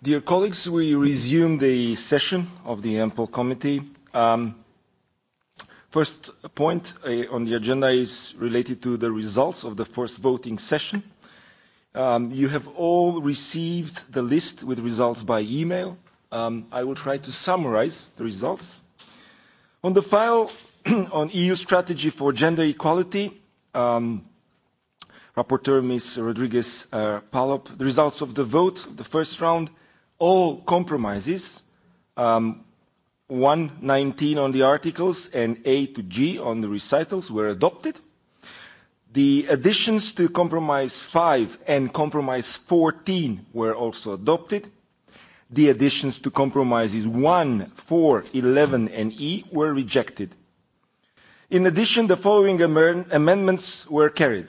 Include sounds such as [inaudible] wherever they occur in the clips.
Dear colleagues, we resume the session of the ample committee. Um, first point uh, on the agenda is related to the results of the first voting session. Um, you have all received the list with results by email. Um, I will try to summarize the results. On the file [clears throat] on EU strategy for gender equality, um, Rapporteur Ms. Rodriguez uh, Palop, the results of the vote, the first round, all compromises, um, 119 on the articles and A to G on the recitals were adopted. The additions to Compromise 5 and Compromise 14 were also adopted. The additions to Compromises 1, 4, 11 and E were rejected. In addition, the following amendments were carried.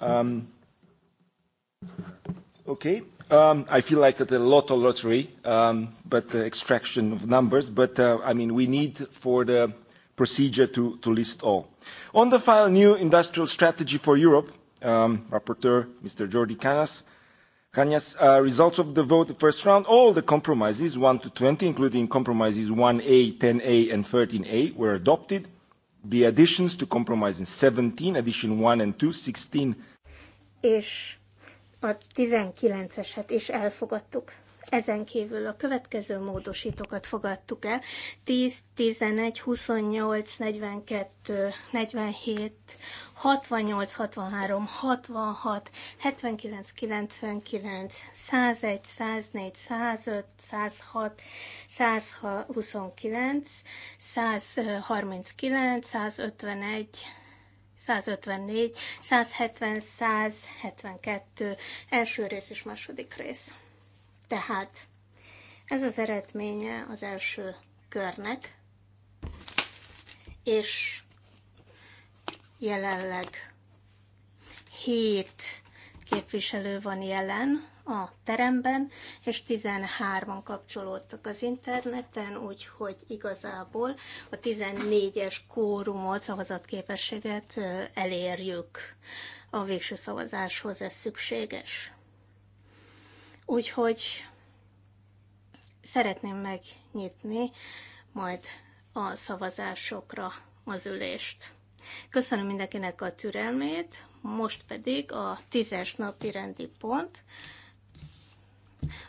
Um, okay. Um, I feel like a of lottery, um, but uh, extraction of numbers. But uh, I mean, we need for the procedure to, to list all. On the file New Industrial Strategy for Europe, um, Rapporteur Mr. Jordi Canas, Canas uh, results of the vote the first round, all the compromises 1 to 20, including compromises 1A, 10A, and 13A, were adopted. The additions to compromises 17, addition 1 and 2, 16, és a 19-eset is elfogadtuk. Ezen kívül a következő módosítókat fogadtuk el. 10, 11, 28, 42, 47, 68, 63, 66, 79, 99, 101, 104, 105, 106, 129, 139, 151, 154, 170, 172, első rész és második rész. Tehát ez az eredménye az első körnek, és jelenleg 7 képviselő van jelen a teremben, és 13-an kapcsolódtak az interneten, úgyhogy igazából a 14-es kórumot, szavazatképességet elérjük. A végső szavazáshoz ez szükséges. Úgyhogy szeretném megnyitni majd a szavazásokra az ülést. Köszönöm mindenkinek a türelmét, most pedig a tízes napi rendi pont,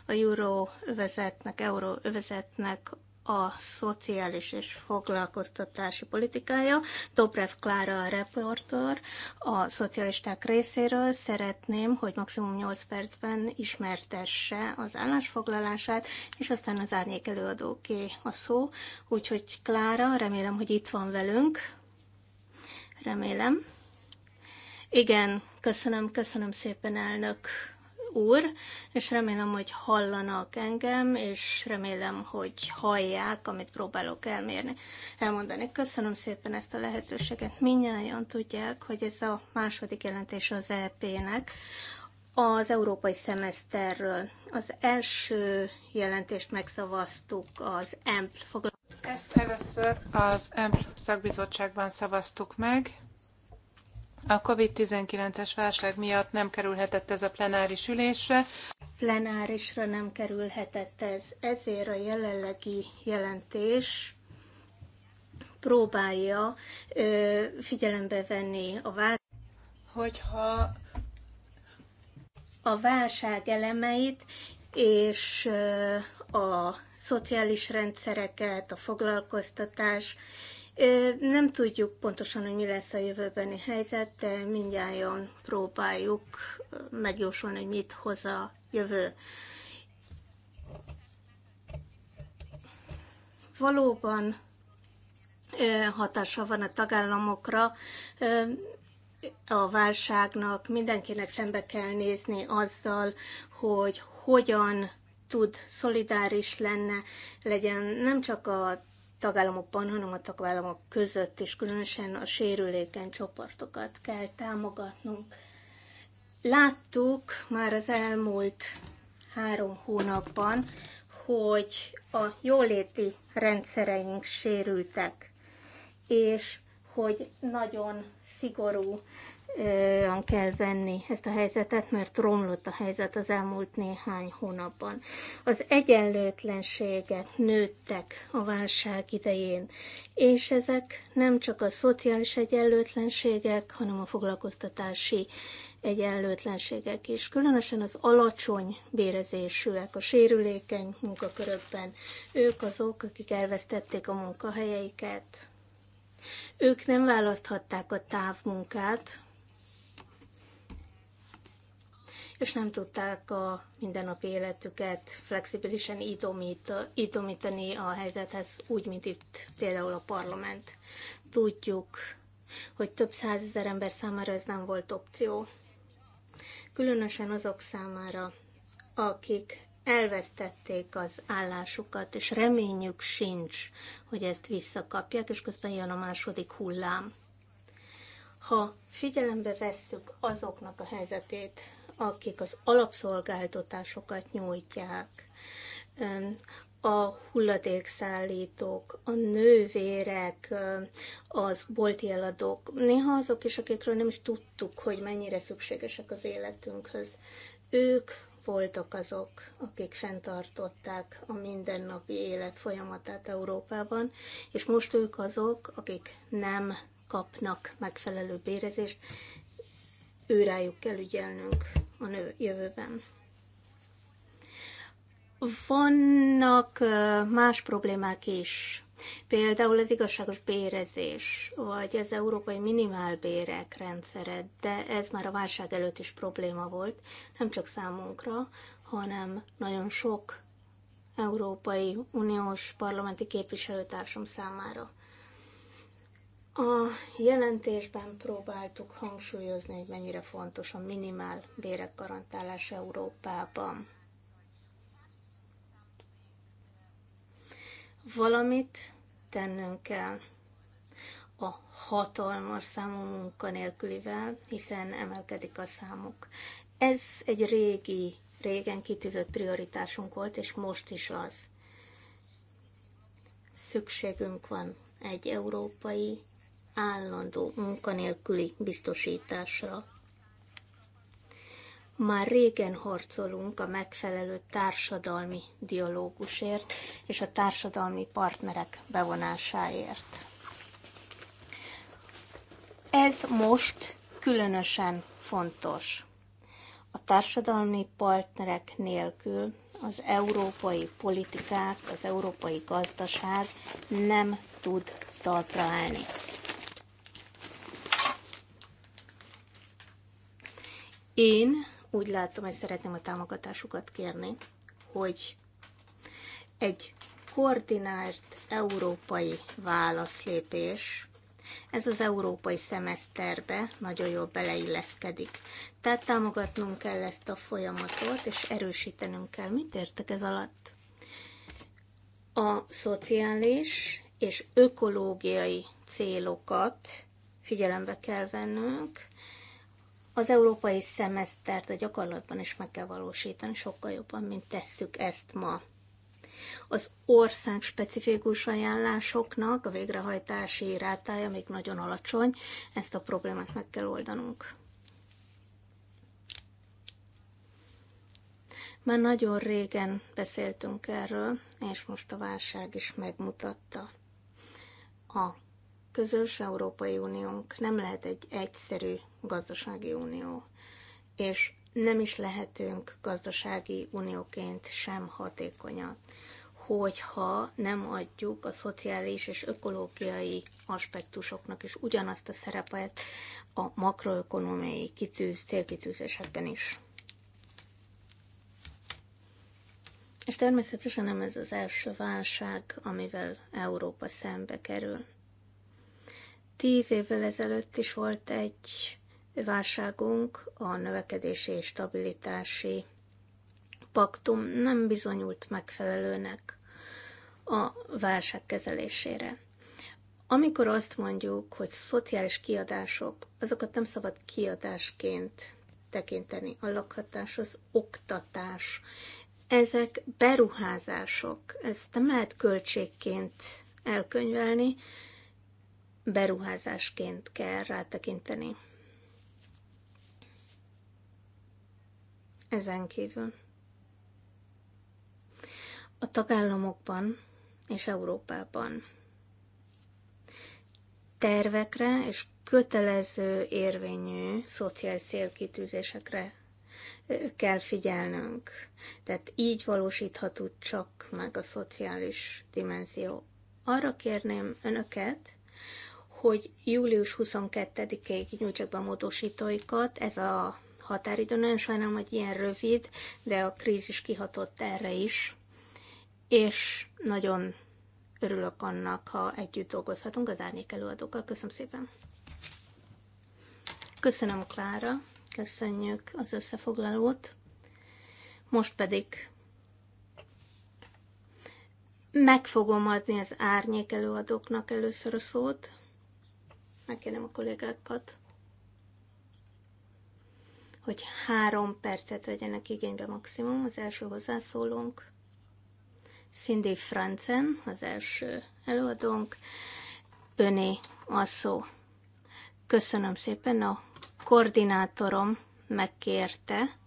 a euróövezetnek, övezetnek a szociális és foglalkoztatási politikája. Dobrev Klára a reporter a szocialisták részéről. Szeretném, hogy maximum 8 percben ismertesse az állásfoglalását, és aztán az árnyék előadóké a szó. Úgyhogy Klára, remélem, hogy itt van velünk. Remélem. Igen, köszönöm, köszönöm szépen, elnök úr, és remélem, hogy hallanak engem, és remélem, hogy hallják, amit próbálok elmérni, elmondani. Köszönöm szépen ezt a lehetőséget. Minnyáján tudják, hogy ez a második jelentés az EP-nek, az európai szemeszterről. Az első jelentést megszavaztuk az EMPL foglalkozásról. Ezt először az EMPL szakbizottságban szavaztuk meg, a COVID-19-es válság miatt nem kerülhetett ez a plenáris ülésre. Plenárisra nem kerülhetett ez. Ezért a jelenlegi jelentés próbálja ö, figyelembe venni a válság. Hogyha a válság elemeit és a szociális rendszereket, a foglalkoztatás nem tudjuk pontosan, hogy mi lesz a jövőbeni helyzet, de mindjárt próbáljuk megjósolni, hogy mit hoz a jövő. Valóban hatása van a tagállamokra, a válságnak, mindenkinek szembe kell nézni azzal, hogy hogyan tud szolidáris lenne, legyen nem csak a tagállamokban, hanem a tagállamok között és különösen a sérülékeny csoportokat kell támogatnunk. Láttuk már az elmúlt három hónapban, hogy a jóléti rendszereink sérültek, és hogy nagyon szigorú kell venni ezt a helyzetet, mert romlott a helyzet az elmúlt néhány hónapban. Az egyenlőtlenséget nőttek a válság idején, és ezek nem csak a szociális egyenlőtlenségek, hanem a foglalkoztatási egyenlőtlenségek is, különösen az alacsony bérezésűek, a sérülékeny munkakörökben. Ők azok, akik elvesztették a munkahelyeiket. Ők nem választhatták a távmunkát, és nem tudták a mindennapi életüket flexibilisen idomítani a helyzethez, úgy, mint itt például a parlament. Tudjuk, hogy több százezer ember számára ez nem volt opció. Különösen azok számára, akik elvesztették az állásukat, és reményük sincs, hogy ezt visszakapják, és közben jön a második hullám. Ha figyelembe vesszük azoknak a helyzetét, akik az alapszolgáltatásokat nyújtják, a hulladékszállítók, a nővérek, az bolti eladók, néha azok is, akikről nem is tudtuk, hogy mennyire szükségesek az életünkhöz. Ők voltak azok, akik fenntartották a mindennapi élet folyamatát Európában, és most ők azok, akik nem kapnak megfelelő bérezést, őrájuk kell ügyelnünk a nő jövőben. Vannak más problémák is, például az igazságos bérezés, vagy az európai minimálbérek rendszere, de ez már a válság előtt is probléma volt, nem csak számunkra, hanem nagyon sok Európai Uniós parlamenti képviselőtársam számára. A jelentésben próbáltuk hangsúlyozni, hogy mennyire fontos a minimál bérek garantálás Európában. Valamit tennünk kell a hatalmas számú munkanélkülivel, hiszen emelkedik a számuk. Ez egy régi, régen kitűzött prioritásunk volt, és most is az. Szükségünk van egy európai állandó munkanélküli biztosításra. Már régen harcolunk a megfelelő társadalmi dialógusért és a társadalmi partnerek bevonásáért. Ez most különösen fontos. A társadalmi partnerek nélkül az európai politikák, az európai gazdaság nem tud talpra állni. Én úgy látom, hogy szeretném a támogatásukat kérni, hogy egy koordinált európai válaszlépés, ez az európai szemeszterbe nagyon jól beleilleszkedik. Tehát támogatnunk kell ezt a folyamatot, és erősítenünk kell. Mit értek ez alatt? A szociális és ökológiai célokat figyelembe kell vennünk, az európai szemesztert a gyakorlatban is meg kell valósítani, sokkal jobban, mint tesszük ezt ma. Az ország specifikus ajánlásoknak a végrehajtási rátája még nagyon alacsony, ezt a problémát meg kell oldanunk. Már nagyon régen beszéltünk erről, és most a válság is megmutatta. A közös Európai Uniónk nem lehet egy egyszerű gazdasági unió, és nem is lehetünk gazdasági unióként sem hatékonyak, hogyha nem adjuk a szociális és ökológiai aspektusoknak is ugyanazt a szerepet a makroökonomiai kitűz, célkitűzésekben is. És természetesen nem ez az első válság, amivel Európa szembe kerül. Tíz évvel ezelőtt is volt egy válságunk a növekedési és stabilitási paktum nem bizonyult megfelelőnek a válság kezelésére. Amikor azt mondjuk, hogy szociális kiadások, azokat nem szabad kiadásként tekinteni. A lakhatás, az oktatás, ezek beruházások, ezt nem lehet költségként elkönyvelni, beruházásként kell rátekinteni. Ezen kívül a tagállamokban és Európában tervekre és kötelező érvényű szociális célkitűzésekre kell figyelnünk. Tehát így valósítható csak meg a szociális dimenzió. Arra kérném önöket, hogy július 22-ig nyújtsak be a módosítóikat, ez a határidő. Nagyon sajnálom, hogy ilyen rövid, de a krízis kihatott erre is, és nagyon örülök annak, ha együtt dolgozhatunk az árnyék előadókkal. Köszönöm szépen! Köszönöm, Klára, köszönjük az összefoglalót. Most pedig meg fogom adni az árnyék előadóknak először a szót. Megkérem a kollégákat hogy három percet vegyenek igénybe maximum. Az első hozzászólónk Cindy Francen, az első előadónk, öné a szó. Köszönöm szépen, a koordinátorom megkérte,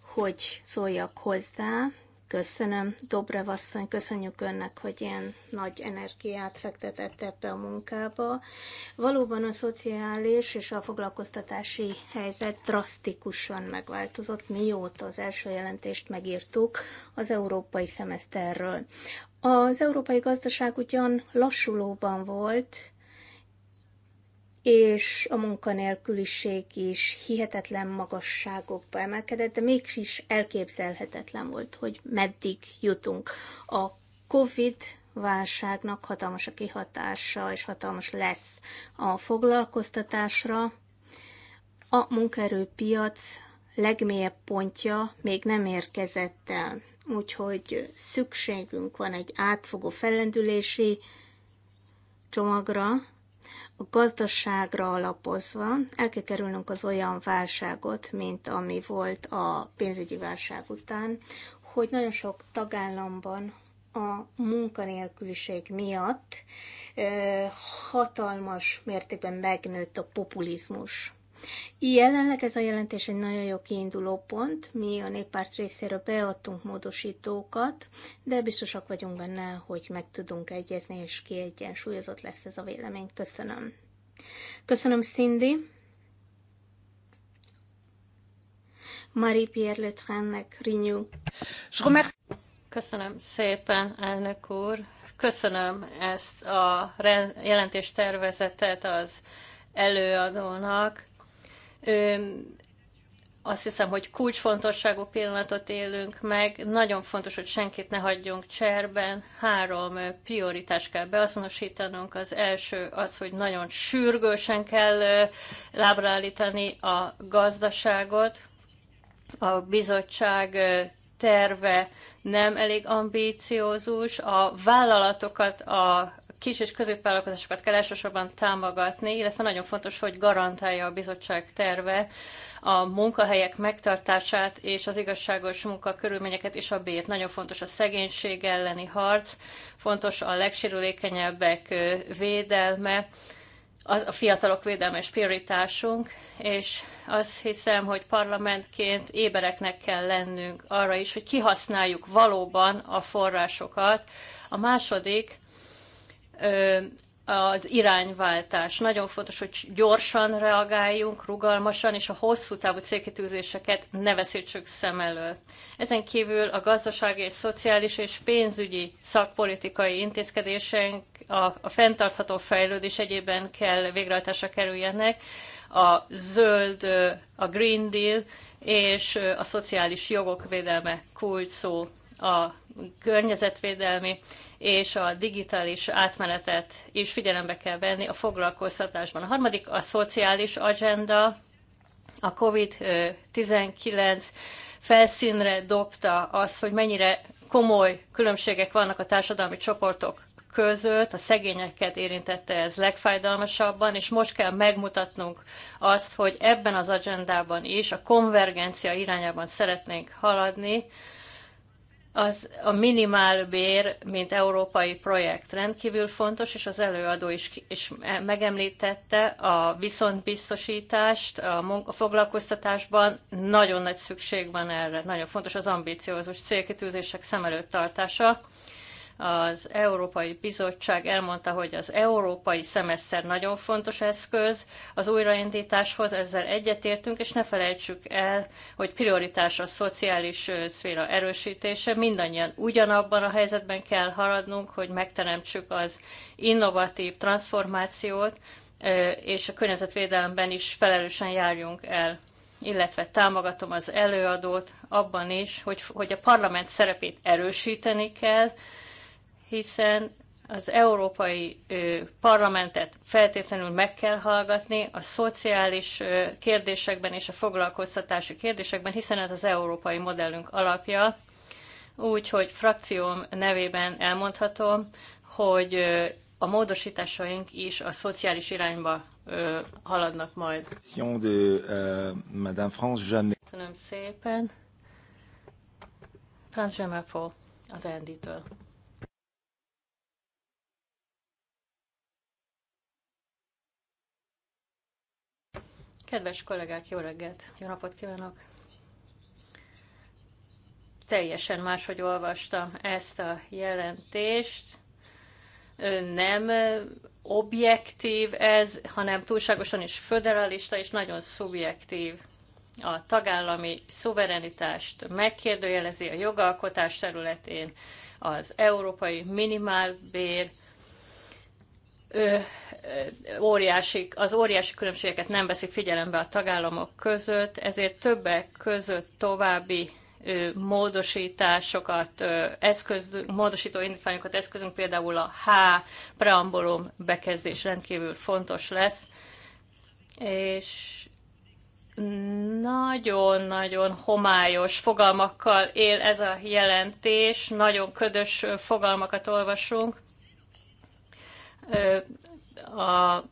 hogy szóljak hozzá, Köszönöm, Dobrev asszony, köszönjük önnek, hogy ilyen nagy energiát fektetett ebbe a munkába. Valóban a szociális és a foglalkoztatási helyzet drasztikusan megváltozott, mióta az első jelentést megírtuk az európai szemeszterről. Az európai gazdaság ugyan lassulóban volt, és a munkanélküliség is hihetetlen magasságokba emelkedett, de mégis elképzelhetetlen volt, hogy meddig jutunk. A COVID válságnak hatalmas a kihatása, és hatalmas lesz a foglalkoztatásra. A munkaerőpiac legmélyebb pontja még nem érkezett el, úgyhogy szükségünk van egy átfogó fellendülési csomagra, a gazdaságra alapozva el kell kerülnünk az olyan válságot, mint ami volt a pénzügyi válság után, hogy nagyon sok tagállamban a munkanélküliség miatt hatalmas mértékben megnőtt a populizmus. Jelenleg ez a jelentés egy nagyon jó kiinduló pont. Mi a néppárt részéről beadtunk módosítókat, de biztosak vagyunk benne, hogy meg tudunk egyezni, és kiegyensúlyozott lesz ez a vélemény. Köszönöm. Köszönöm, Cindy. Marie-Pierre Letrennek, Renew. Köszönöm szépen, elnök úr. Köszönöm ezt a jelentéstervezetet az előadónak azt hiszem, hogy kulcsfontosságú pillanatot élünk meg. Nagyon fontos, hogy senkit ne hagyjunk cserben. Három prioritás kell beazonosítanunk. Az első az, hogy nagyon sürgősen kell lábra állítani a gazdaságot. A bizottság terve nem elég ambíciózus, a vállalatokat a kis és középvállalkozásokat kell elsősorban támogatni, illetve nagyon fontos, hogy garantálja a bizottság terve a munkahelyek megtartását és az igazságos munkakörülményeket és a bért. Nagyon fontos a szegénység elleni harc, fontos a legsérülékenyebbek védelme, az a fiatalok védelme és prioritásunk, és azt hiszem, hogy parlamentként ébereknek kell lennünk arra is, hogy kihasználjuk valóban a forrásokat. A második, az irányváltás. Nagyon fontos, hogy gyorsan reagáljunk, rugalmasan, és a hosszú távú célkitűzéseket ne veszítsük szem elől. Ezen kívül a gazdasági és szociális és pénzügyi szakpolitikai intézkedéseink a, a fenntartható fejlődés egyében kell végrehajtásra kerüljenek, a zöld, a Green Deal és a szociális jogok védelme kulcs szó a környezetvédelmi és a digitális átmenetet is figyelembe kell venni a foglalkoztatásban. A harmadik a szociális agenda, a COVID-19 felszínre dobta az, hogy mennyire komoly különbségek vannak a társadalmi csoportok között, a szegényeket érintette ez legfájdalmasabban, és most kell megmutatnunk azt, hogy ebben az agendában is a konvergencia irányában szeretnénk haladni, az a bér, mint európai projekt rendkívül fontos, és az előadó is, is e- megemlítette a viszontbiztosítást a, a foglalkoztatásban. Nagyon nagy szükség van erre, nagyon fontos az ambíciózus célkitűzések szem előtt tartása. Az Európai Bizottság elmondta, hogy az európai szemeszter nagyon fontos eszköz az újraindításhoz, ezzel egyetértünk, és ne felejtsük el, hogy prioritás a szociális szféra erősítése. Mindannyian ugyanabban a helyzetben kell haradnunk, hogy megteremtsük az innovatív transformációt, és a környezetvédelemben is felelősen járjunk el illetve támogatom az előadót abban is, hogy, hogy a parlament szerepét erősíteni kell, hiszen az Európai Parlamentet feltétlenül meg kell hallgatni a szociális kérdésekben és a foglalkoztatási kérdésekben, hiszen ez az európai modellünk alapja. Úgyhogy frakcióm nevében elmondhatom, hogy a módosításaink is a szociális irányba haladnak majd. Köszönöm szépen. Franz az Andy-től. Kedves kollégák, jó reggelt, jó napot kívánok! Teljesen máshogy olvastam ezt a jelentést. Nem objektív ez, hanem túlságosan is föderalista és nagyon szubjektív. A tagállami szuverenitást megkérdőjelezi a jogalkotás területén, az európai minimálbér, ö, óriási, az óriási különbségeket nem veszik figyelembe a tagállamok között, ezért többek között további módosításokat, eszközünk, módosító indítványokat eszközünk, például a H preambulum bekezdés rendkívül fontos lesz, és nagyon-nagyon homályos fogalmakkal él ez a jelentés, nagyon ködös fogalmakat olvasunk, a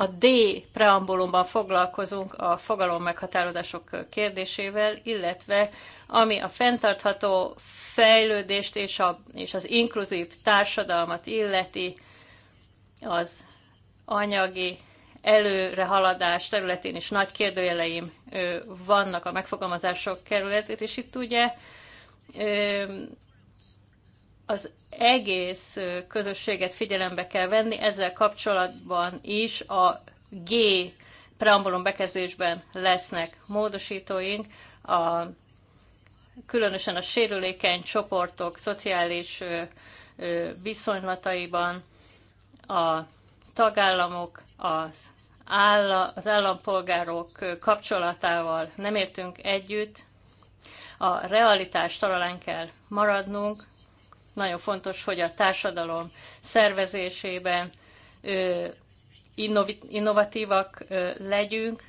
a D preambulumban foglalkozunk a fogalom meghatározások kérdésével, illetve ami a fenntartható fejlődést és, a, és az inkluzív társadalmat illeti, az anyagi előrehaladás területén is nagy kérdőjeleim vannak a megfogalmazások kerületét, és itt ugye az egész közösséget figyelembe kell venni, ezzel kapcsolatban is a G preambulum bekezdésben lesznek módosítóink, a, különösen a sérülékeny csoportok szociális viszonylataiban, a tagállamok, az, áll, az állampolgárok kapcsolatával nem értünk együtt, a realitás talán kell maradnunk, nagyon fontos, hogy a társadalom szervezésében innovatívak legyünk,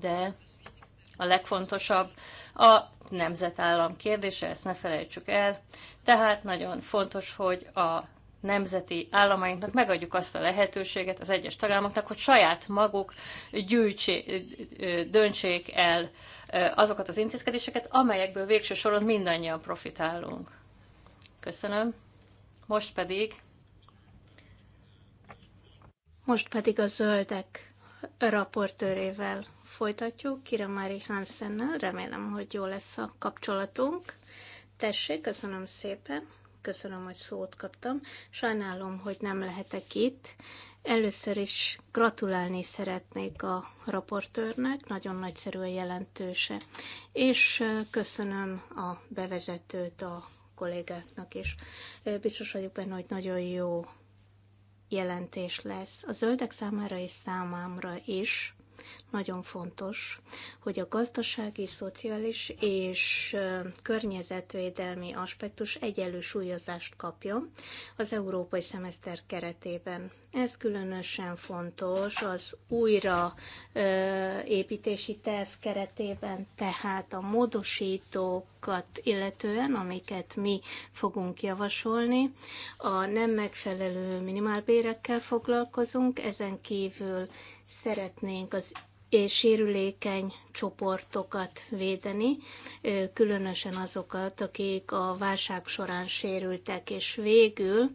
de a legfontosabb a nemzetállam kérdése, ezt ne felejtsük el. Tehát nagyon fontos, hogy a nemzeti államainknak megadjuk azt a lehetőséget az egyes tagállamoknak, hogy saját maguk gyűjtsék, döntsék el azokat az intézkedéseket, amelyekből végső soron mindannyian profitálunk. Köszönöm. Most pedig... Most pedig a zöldek raportőrével folytatjuk, Kira Mari Hansennel. Remélem, hogy jó lesz a kapcsolatunk. Tessék, köszönöm szépen. Köszönöm, hogy szót kaptam. Sajnálom, hogy nem lehetek itt. Először is gratulálni szeretnék a raportőrnek, nagyon nagyszerű a jelentőse, és köszönöm a bevezetőt a kollégáknak is. Biztos vagyok benne, hogy nagyon jó jelentés lesz. A zöldek számára és számámra is nagyon fontos, hogy a gazdasági, szociális és környezetvédelmi aspektus egyelő súlyozást kapjon az európai szemeszter keretében. Ez különösen fontos az újraépítési terv keretében, tehát a módosítókat illetően, amiket mi fogunk javasolni, a nem megfelelő minimálbérekkel foglalkozunk, ezen kívül Szeretnénk az sérülékeny csoportokat védeni, különösen azokat, akik a válság során sérültek, és végül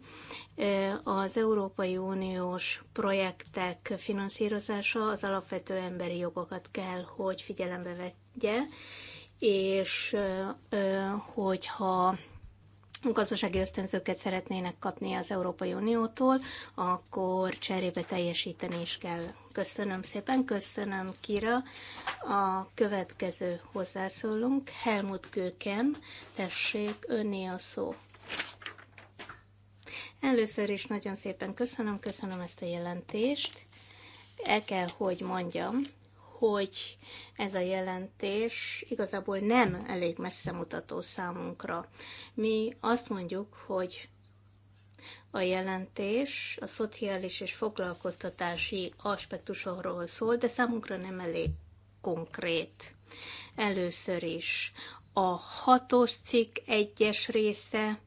az Európai Uniós projektek finanszírozása az alapvető emberi jogokat kell, hogy figyelembe vegye, és hogyha gazdasági ösztönzőket szeretnének kapni az Európai Uniótól, akkor cserébe teljesíteni is kell. Köszönöm szépen, köszönöm Kira. A következő hozzászólunk, Helmut Kőken, tessék, önné a szó. Először is nagyon szépen köszönöm, köszönöm ezt a jelentést. El kell, hogy mondjam, hogy ez a jelentés igazából nem elég messze mutató számunkra. Mi azt mondjuk, hogy a jelentés a szociális és foglalkoztatási aspektusokról szól, de számunkra nem elég konkrét. Először is a hatos cikk egyes része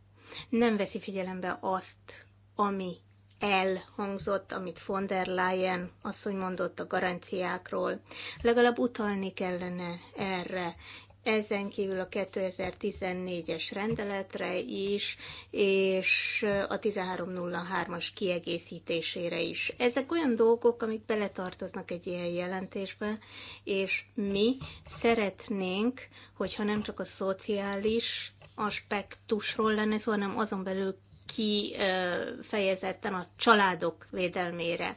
nem veszi figyelembe azt, ami elhangzott, amit von der Leyen asszony mondott a garanciákról. Legalább utalni kellene erre. Ezen kívül a 2014-es rendeletre is, és a 1303-as kiegészítésére is. Ezek olyan dolgok, amik beletartoznak egy ilyen jelentésbe, és mi szeretnénk, hogyha nem csak a szociális aspektusról lenne szó, hanem azon belül kifejezetten a családok védelmére.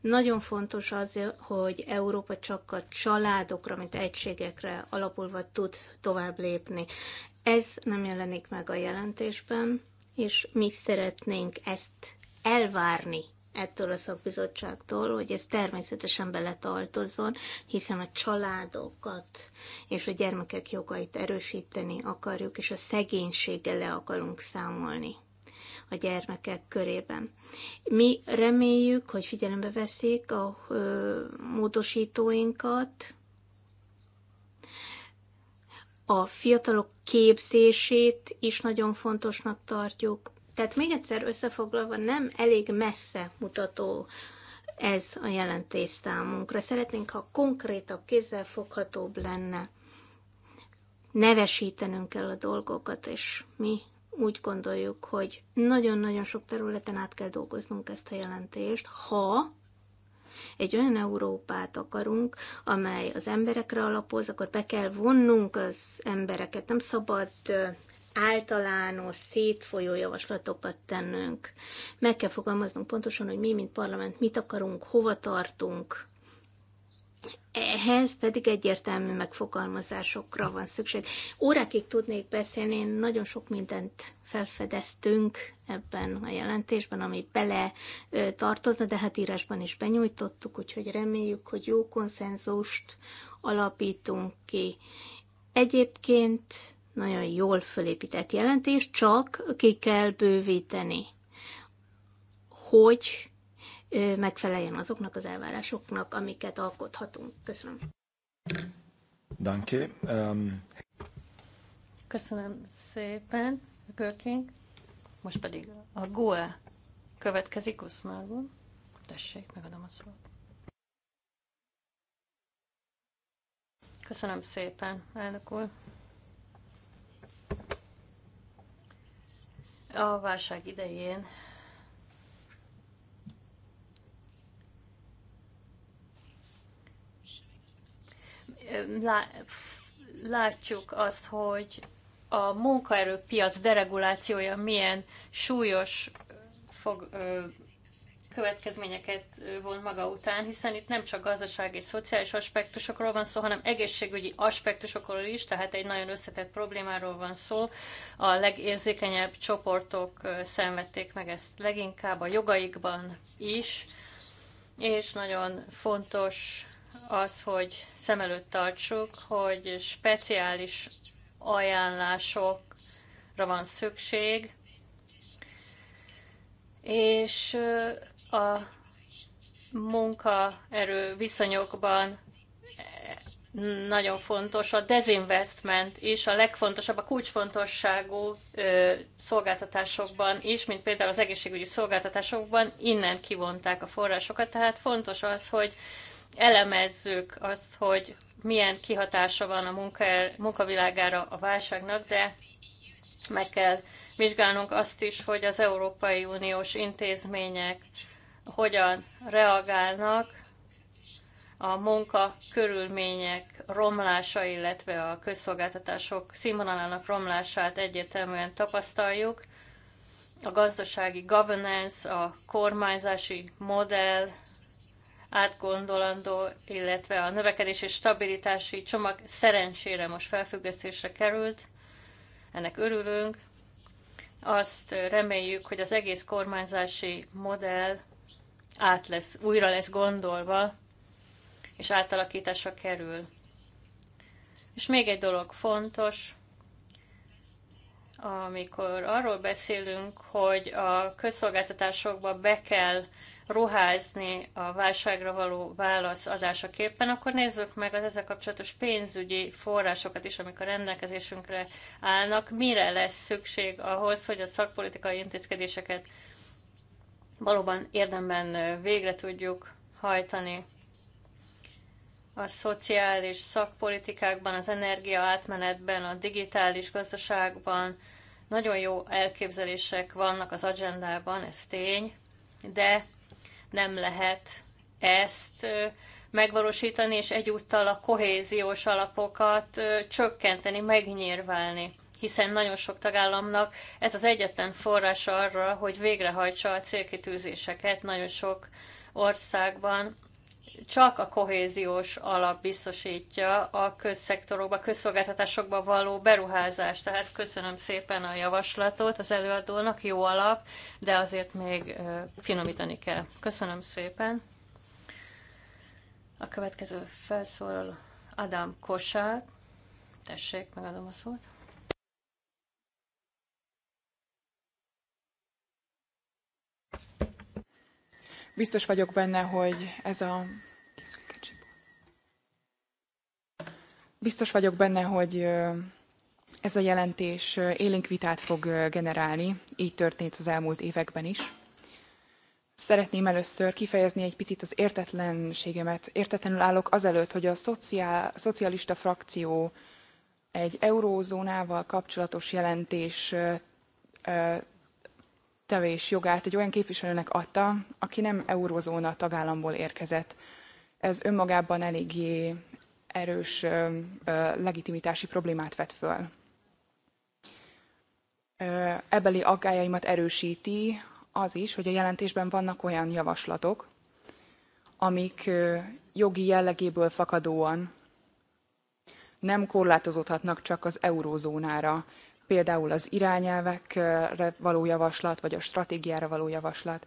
Nagyon fontos az, hogy Európa csak a családokra, mint egységekre alapulva tud tovább lépni. Ez nem jelenik meg a jelentésben, és mi szeretnénk ezt elvárni ettől a szakbizottságtól, hogy ez természetesen beletartozzon, hiszen a családokat és a gyermekek jogait erősíteni akarjuk, és a szegénységgel le akarunk számolni a gyermekek körében. Mi reméljük, hogy figyelembe veszik a módosítóinkat, a fiatalok képzését is nagyon fontosnak tartjuk. Tehát még egyszer összefoglalva, nem elég messze mutató ez a jelentés számunkra. Szeretnénk, ha konkrétabb, foghatóbb lenne nevesítenünk kell a dolgokat, és mi úgy gondoljuk, hogy nagyon-nagyon sok területen át kell dolgoznunk ezt a jelentést, ha egy olyan Európát akarunk, amely az emberekre alapoz, akkor be kell vonnunk az embereket. Nem szabad általános, szétfolyó javaslatokat tennünk. Meg kell fogalmaznunk pontosan, hogy mi, mint parlament, mit akarunk, hova tartunk, ehhez pedig egyértelmű megfogalmazásokra van szükség. Órákig tudnék beszélni, én nagyon sok mindent felfedeztünk ebben a jelentésben, ami bele tartozna, de hát írásban is benyújtottuk, úgyhogy reméljük, hogy jó konszenzust alapítunk ki. Egyébként nagyon jól fölépített jelentés, csak ki kell bővíteni, hogy megfeleljen azoknak az elvárásoknak, amiket alkothatunk. Köszönöm. Danke. Um... Köszönöm szépen, Görking. Most pedig a GOE következik, Oszmágon. Tessék, megadom a szót. Köszönöm szépen, elnök úr. A válság idején látjuk azt, hogy a munkaerőpiac deregulációja milyen súlyos fog, ö, következményeket von maga után, hiszen itt nem csak gazdasági és szociális aspektusokról van szó, hanem egészségügyi aspektusokról is, tehát egy nagyon összetett problémáról van szó. A legérzékenyebb csoportok szenvedték meg ezt leginkább a jogaikban is, és nagyon fontos az, hogy szem előtt tartsuk, hogy speciális ajánlásokra van szükség, és a munkaerő viszonyokban nagyon fontos a dezinvestment is, a legfontosabb, a kulcsfontosságú ö, szolgáltatásokban is, mint például az egészségügyi szolgáltatásokban, innen kivonták a forrásokat, tehát fontos az, hogy elemezzük azt, hogy milyen kihatása van a munka, munkavilágára a válságnak, de meg kell vizsgálnunk azt is, hogy az Európai Uniós intézmények hogyan reagálnak a munka körülmények romlása, illetve a közszolgáltatások színvonalának romlását egyértelműen tapasztaljuk. A gazdasági governance, a kormányzási modell átgondolandó, illetve a növekedési és stabilitási csomag szerencsére most felfüggesztésre került. Ennek örülünk. Azt reméljük, hogy az egész kormányzási modell át lesz, újra lesz gondolva, és átalakításra kerül. És még egy dolog fontos, amikor arról beszélünk, hogy a közszolgáltatásokba be kell ruházni a válságra való válasz adásaképpen, akkor nézzük meg az ezzel kapcsolatos pénzügyi forrásokat is, amik a rendelkezésünkre állnak. Mire lesz szükség ahhoz, hogy a szakpolitikai intézkedéseket valóban érdemben végre tudjuk hajtani? a szociális szakpolitikákban, az energia átmenetben, a digitális gazdaságban nagyon jó elképzelések vannak az agendában, ez tény, de nem lehet ezt megvalósítani, és egyúttal a kohéziós alapokat csökkenteni, megnyírválni hiszen nagyon sok tagállamnak ez az egyetlen forrás arra, hogy végrehajtsa a célkitűzéseket nagyon sok országban csak a kohéziós alap biztosítja a közszektorokba, közszolgáltatásokba való beruházást. Tehát köszönöm szépen a javaslatot az előadónak, jó alap, de azért még finomítani kell. Köszönöm szépen. A következő felszólaló Adam Kosár. Tessék, megadom a szót. Biztos vagyok benne, hogy ez a Biztos vagyok benne, hogy ez a jelentés élénk vitát fog generálni, így történt az elmúlt években is. Szeretném először kifejezni egy picit az értetlenségemet. Értetlenül állok azelőtt, hogy a szociál, szocialista frakció egy eurózónával kapcsolatos jelentés tevés jogát egy olyan képviselőnek adta, aki nem eurozóna tagállamból érkezett. Ez önmagában eléggé erős legitimitási problémát vet föl. Ebeli aggájaimat erősíti az is, hogy a jelentésben vannak olyan javaslatok, amik jogi jellegéből fakadóan nem korlátozódhatnak csak az eurózónára, például az irányelvekre való javaslat, vagy a stratégiára való javaslat.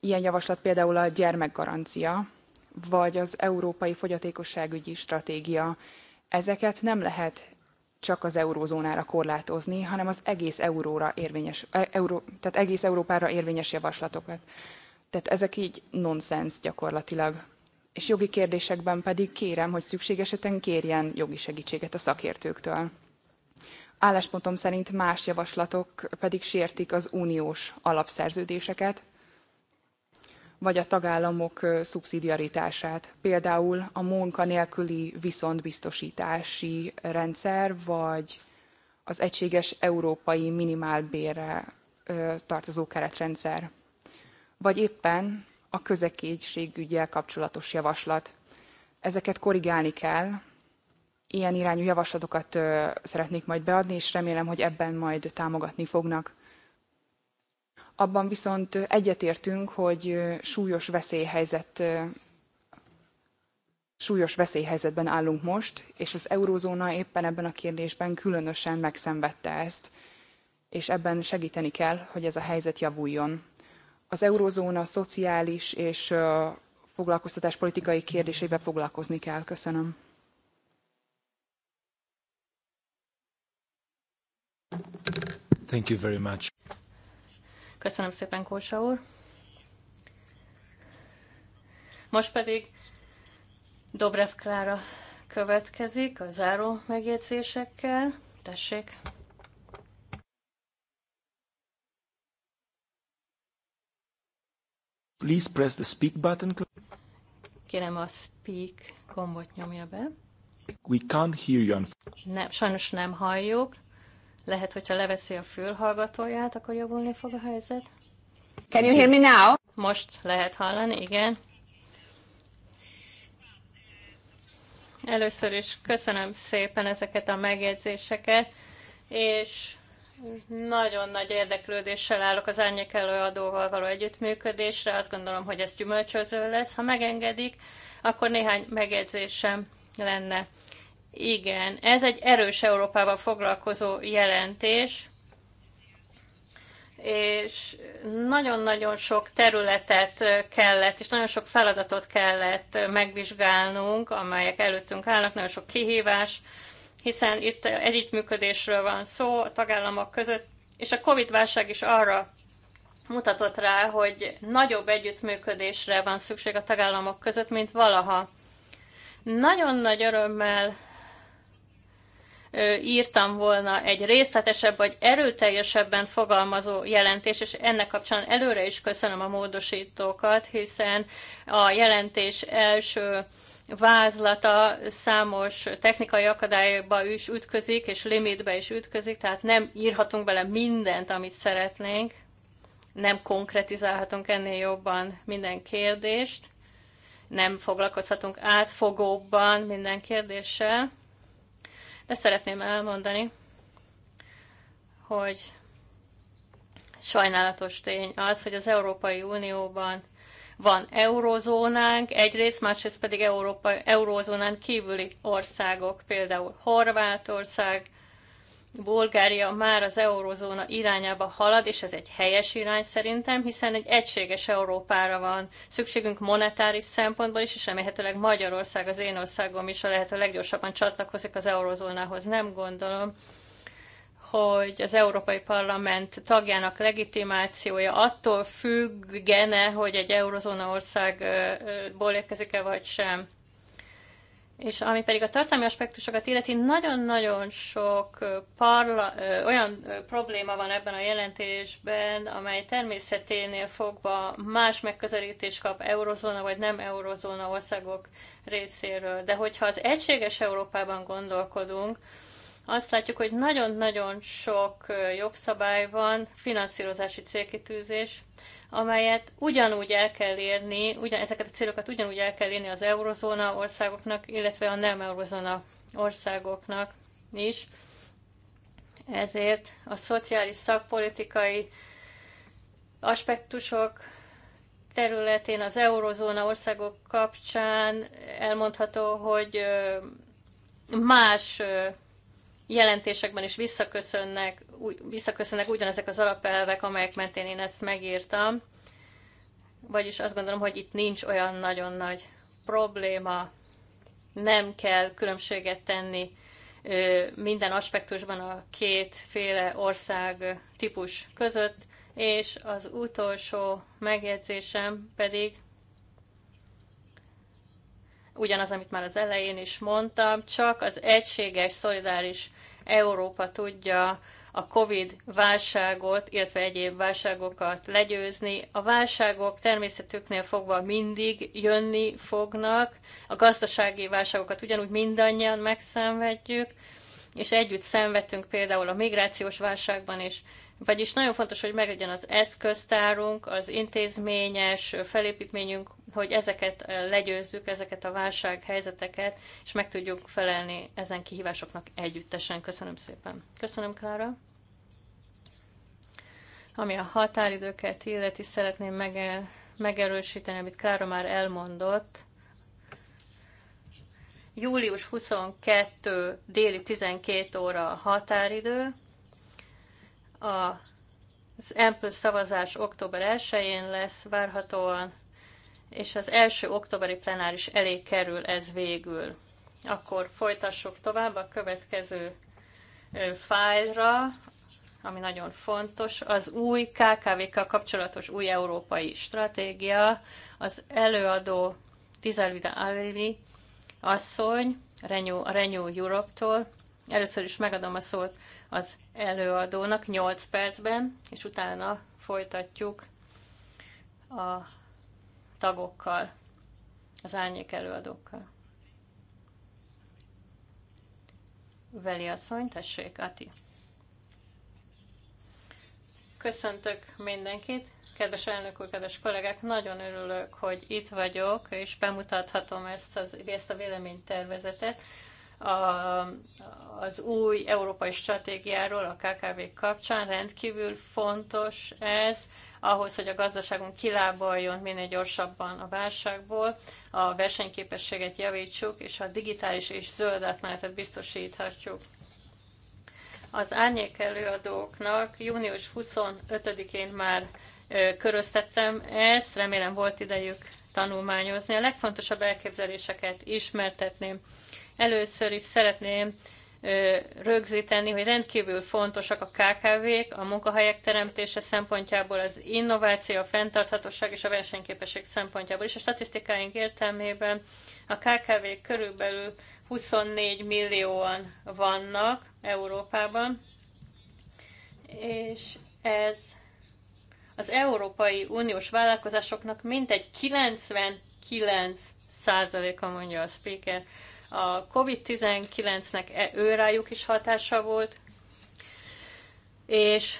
Ilyen javaslat például a gyermekgarancia, vagy az Európai Fogyatékosságügyi Stratégia. Ezeket nem lehet csak az eurózónára korlátozni, hanem az egész euróra érvényes, e, euró, tehát egész Európára érvényes javaslatokat. Tehát ezek így nonsens gyakorlatilag. És jogi kérdésekben pedig kérem, hogy szükség esetén kérjen jogi segítséget a szakértőktől álláspontom szerint más javaslatok pedig sértik az uniós alapszerződéseket, vagy a tagállamok szubszidiaritását. Például a munkanélküli viszontbiztosítási rendszer, vagy az egységes európai minimálbérre tartozó keretrendszer, vagy éppen a közegészségügyel kapcsolatos javaslat. Ezeket korrigálni kell, ilyen irányú javaslatokat szeretnék majd beadni, és remélem, hogy ebben majd támogatni fognak. Abban viszont egyetértünk, hogy súlyos veszélyhelyzet súlyos veszélyhelyzetben állunk most, és az eurózóna éppen ebben a kérdésben különösen megszenvedte ezt, és ebben segíteni kell, hogy ez a helyzet javuljon. Az eurózóna szociális és foglalkoztatáspolitikai kérdésével foglalkozni kell. Köszönöm. Thank you very much. Köszönöm szépen, Kósa úr. Most pedig Dobrev Klára következik a záró megjegyzésekkel. Tessék! Please press the speak button. Kérem a speak gombot nyomja be. We can't hear you. Nem, sajnos nem halljuk. Lehet, hogyha leveszi a fülhallgatóját, akkor javulni fog a helyzet. Can you hear me now? Most lehet hallani, igen. Először is köszönöm szépen ezeket a megjegyzéseket, és nagyon nagy érdeklődéssel állok az árnyék előadóval való együttműködésre. Azt gondolom, hogy ez gyümölcsöző lesz. Ha megengedik, akkor néhány megjegyzésem lenne. Igen, ez egy erős Európával foglalkozó jelentés, és nagyon-nagyon sok területet kellett, és nagyon sok feladatot kellett megvizsgálnunk, amelyek előttünk állnak, nagyon sok kihívás, hiszen itt együttműködésről van szó a tagállamok között, és a COVID-válság is arra mutatott rá, hogy nagyobb együttműködésre van szükség a tagállamok között, mint valaha. Nagyon nagy örömmel írtam volna egy részletesebb vagy erőteljesebben fogalmazó jelentés, és ennek kapcsán előre is köszönöm a módosítókat, hiszen a jelentés első vázlata számos technikai akadályba is ütközik, és limitbe is ütközik, tehát nem írhatunk bele mindent, amit szeretnénk, nem konkretizálhatunk ennél jobban minden kérdést, nem foglalkozhatunk átfogóbban minden kérdéssel, ezt szeretném elmondani, hogy sajnálatos tény az, hogy az Európai Unióban van eurózónánk, egyrészt, másrészt pedig Európa, eurózónán kívüli országok, például Horvátország, Bulgária már az eurozóna irányába halad, és ez egy helyes irány szerintem, hiszen egy egységes Európára van szükségünk monetáris szempontból is, és remélhetőleg Magyarország, az én országom is a lehető leggyorsabban csatlakozik az eurozónához. Nem gondolom, hogy az Európai Parlament tagjának legitimációja attól függene, hogy egy eurozóna országból érkezik-e vagy sem. És ami pedig a tartalmi aspektusokat illeti, nagyon-nagyon sok parla, olyan probléma van ebben a jelentésben, amely természeténél fogva más megközelítés kap eurozóna vagy nem eurozóna országok részéről. De hogyha az egységes Európában gondolkodunk, azt látjuk, hogy nagyon-nagyon sok jogszabály van, finanszírozási célkitűzés, amelyet ugyanúgy el kell érni, ugyan, ezeket a célokat ugyanúgy el kell érni az eurozóna országoknak, illetve a nem eurozóna országoknak is. Ezért a szociális szakpolitikai aspektusok területén az eurozóna országok kapcsán elmondható, hogy más jelentésekben is visszaköszönnek új, visszaköszönnek ugyanezek az alapelvek, amelyek mentén én ezt megírtam. Vagyis azt gondolom, hogy itt nincs olyan nagyon nagy probléma, nem kell különbséget tenni minden aspektusban a kétféle ország típus között, és az utolsó megjegyzésem pedig ugyanaz, amit már az elején is mondtam, csak az egységes, szolidáris Európa tudja a COVID válságot, illetve egyéb válságokat legyőzni. A válságok természetüknél fogva mindig jönni fognak, a gazdasági válságokat ugyanúgy mindannyian megszenvedjük, és együtt szenvedtünk például a migrációs válságban is, vagyis nagyon fontos, hogy meglegyen az eszköztárunk, az intézményes felépítményünk, hogy ezeket eh, legyőzzük, ezeket a válsághelyzeteket, és meg tudjuk felelni ezen kihívásoknak együttesen. Köszönöm szépen. Köszönöm, Klára. Ami a határidőket illeti, szeretném mege- megerősíteni, amit Klára már elmondott. Július 22 déli 12 óra a határidő a, az plusz szavazás október 1-én lesz várhatóan, és az első októberi plenáris elé kerül ez végül. Akkor folytassuk tovább a következő fájlra, ami nagyon fontos, az új KKV-kkal kapcsolatos új európai stratégia, az előadó Tizelvida Alili asszony, a Renew Europe-tól. Először is megadom a szót az előadónak 8 percben, és utána folytatjuk a tagokkal, az árnyék előadókkal. Veli asszony, tessék, Ati. Köszöntök mindenkit, kedves elnök úr, kedves kollégák, nagyon örülök, hogy itt vagyok, és bemutathatom ezt, az, ezt a véleménytervezetet, a, az új európai stratégiáról a KKV kapcsán. Rendkívül fontos ez ahhoz, hogy a gazdaságunk kilábaljon minél gyorsabban a válságból, a versenyképességet javítsuk, és a digitális és zöld átmenetet biztosíthatjuk. Az árnyék előadóknak június 25-én már köröztettem ezt, remélem volt idejük tanulmányozni. A legfontosabb elképzeléseket ismertetném. Először is szeretném rögzíteni, hogy rendkívül fontosak a KKV-k, a munkahelyek teremtése szempontjából, az innováció, a fenntarthatóság és a versenyképesség szempontjából is. A statisztikáink értelmében a KKV-k körülbelül 24 millióan vannak Európában, és ez az Európai Uniós vállalkozásoknak mintegy 99 százaléka, mondja a speaker. A COVID-19-nek e őrájuk is hatása volt, és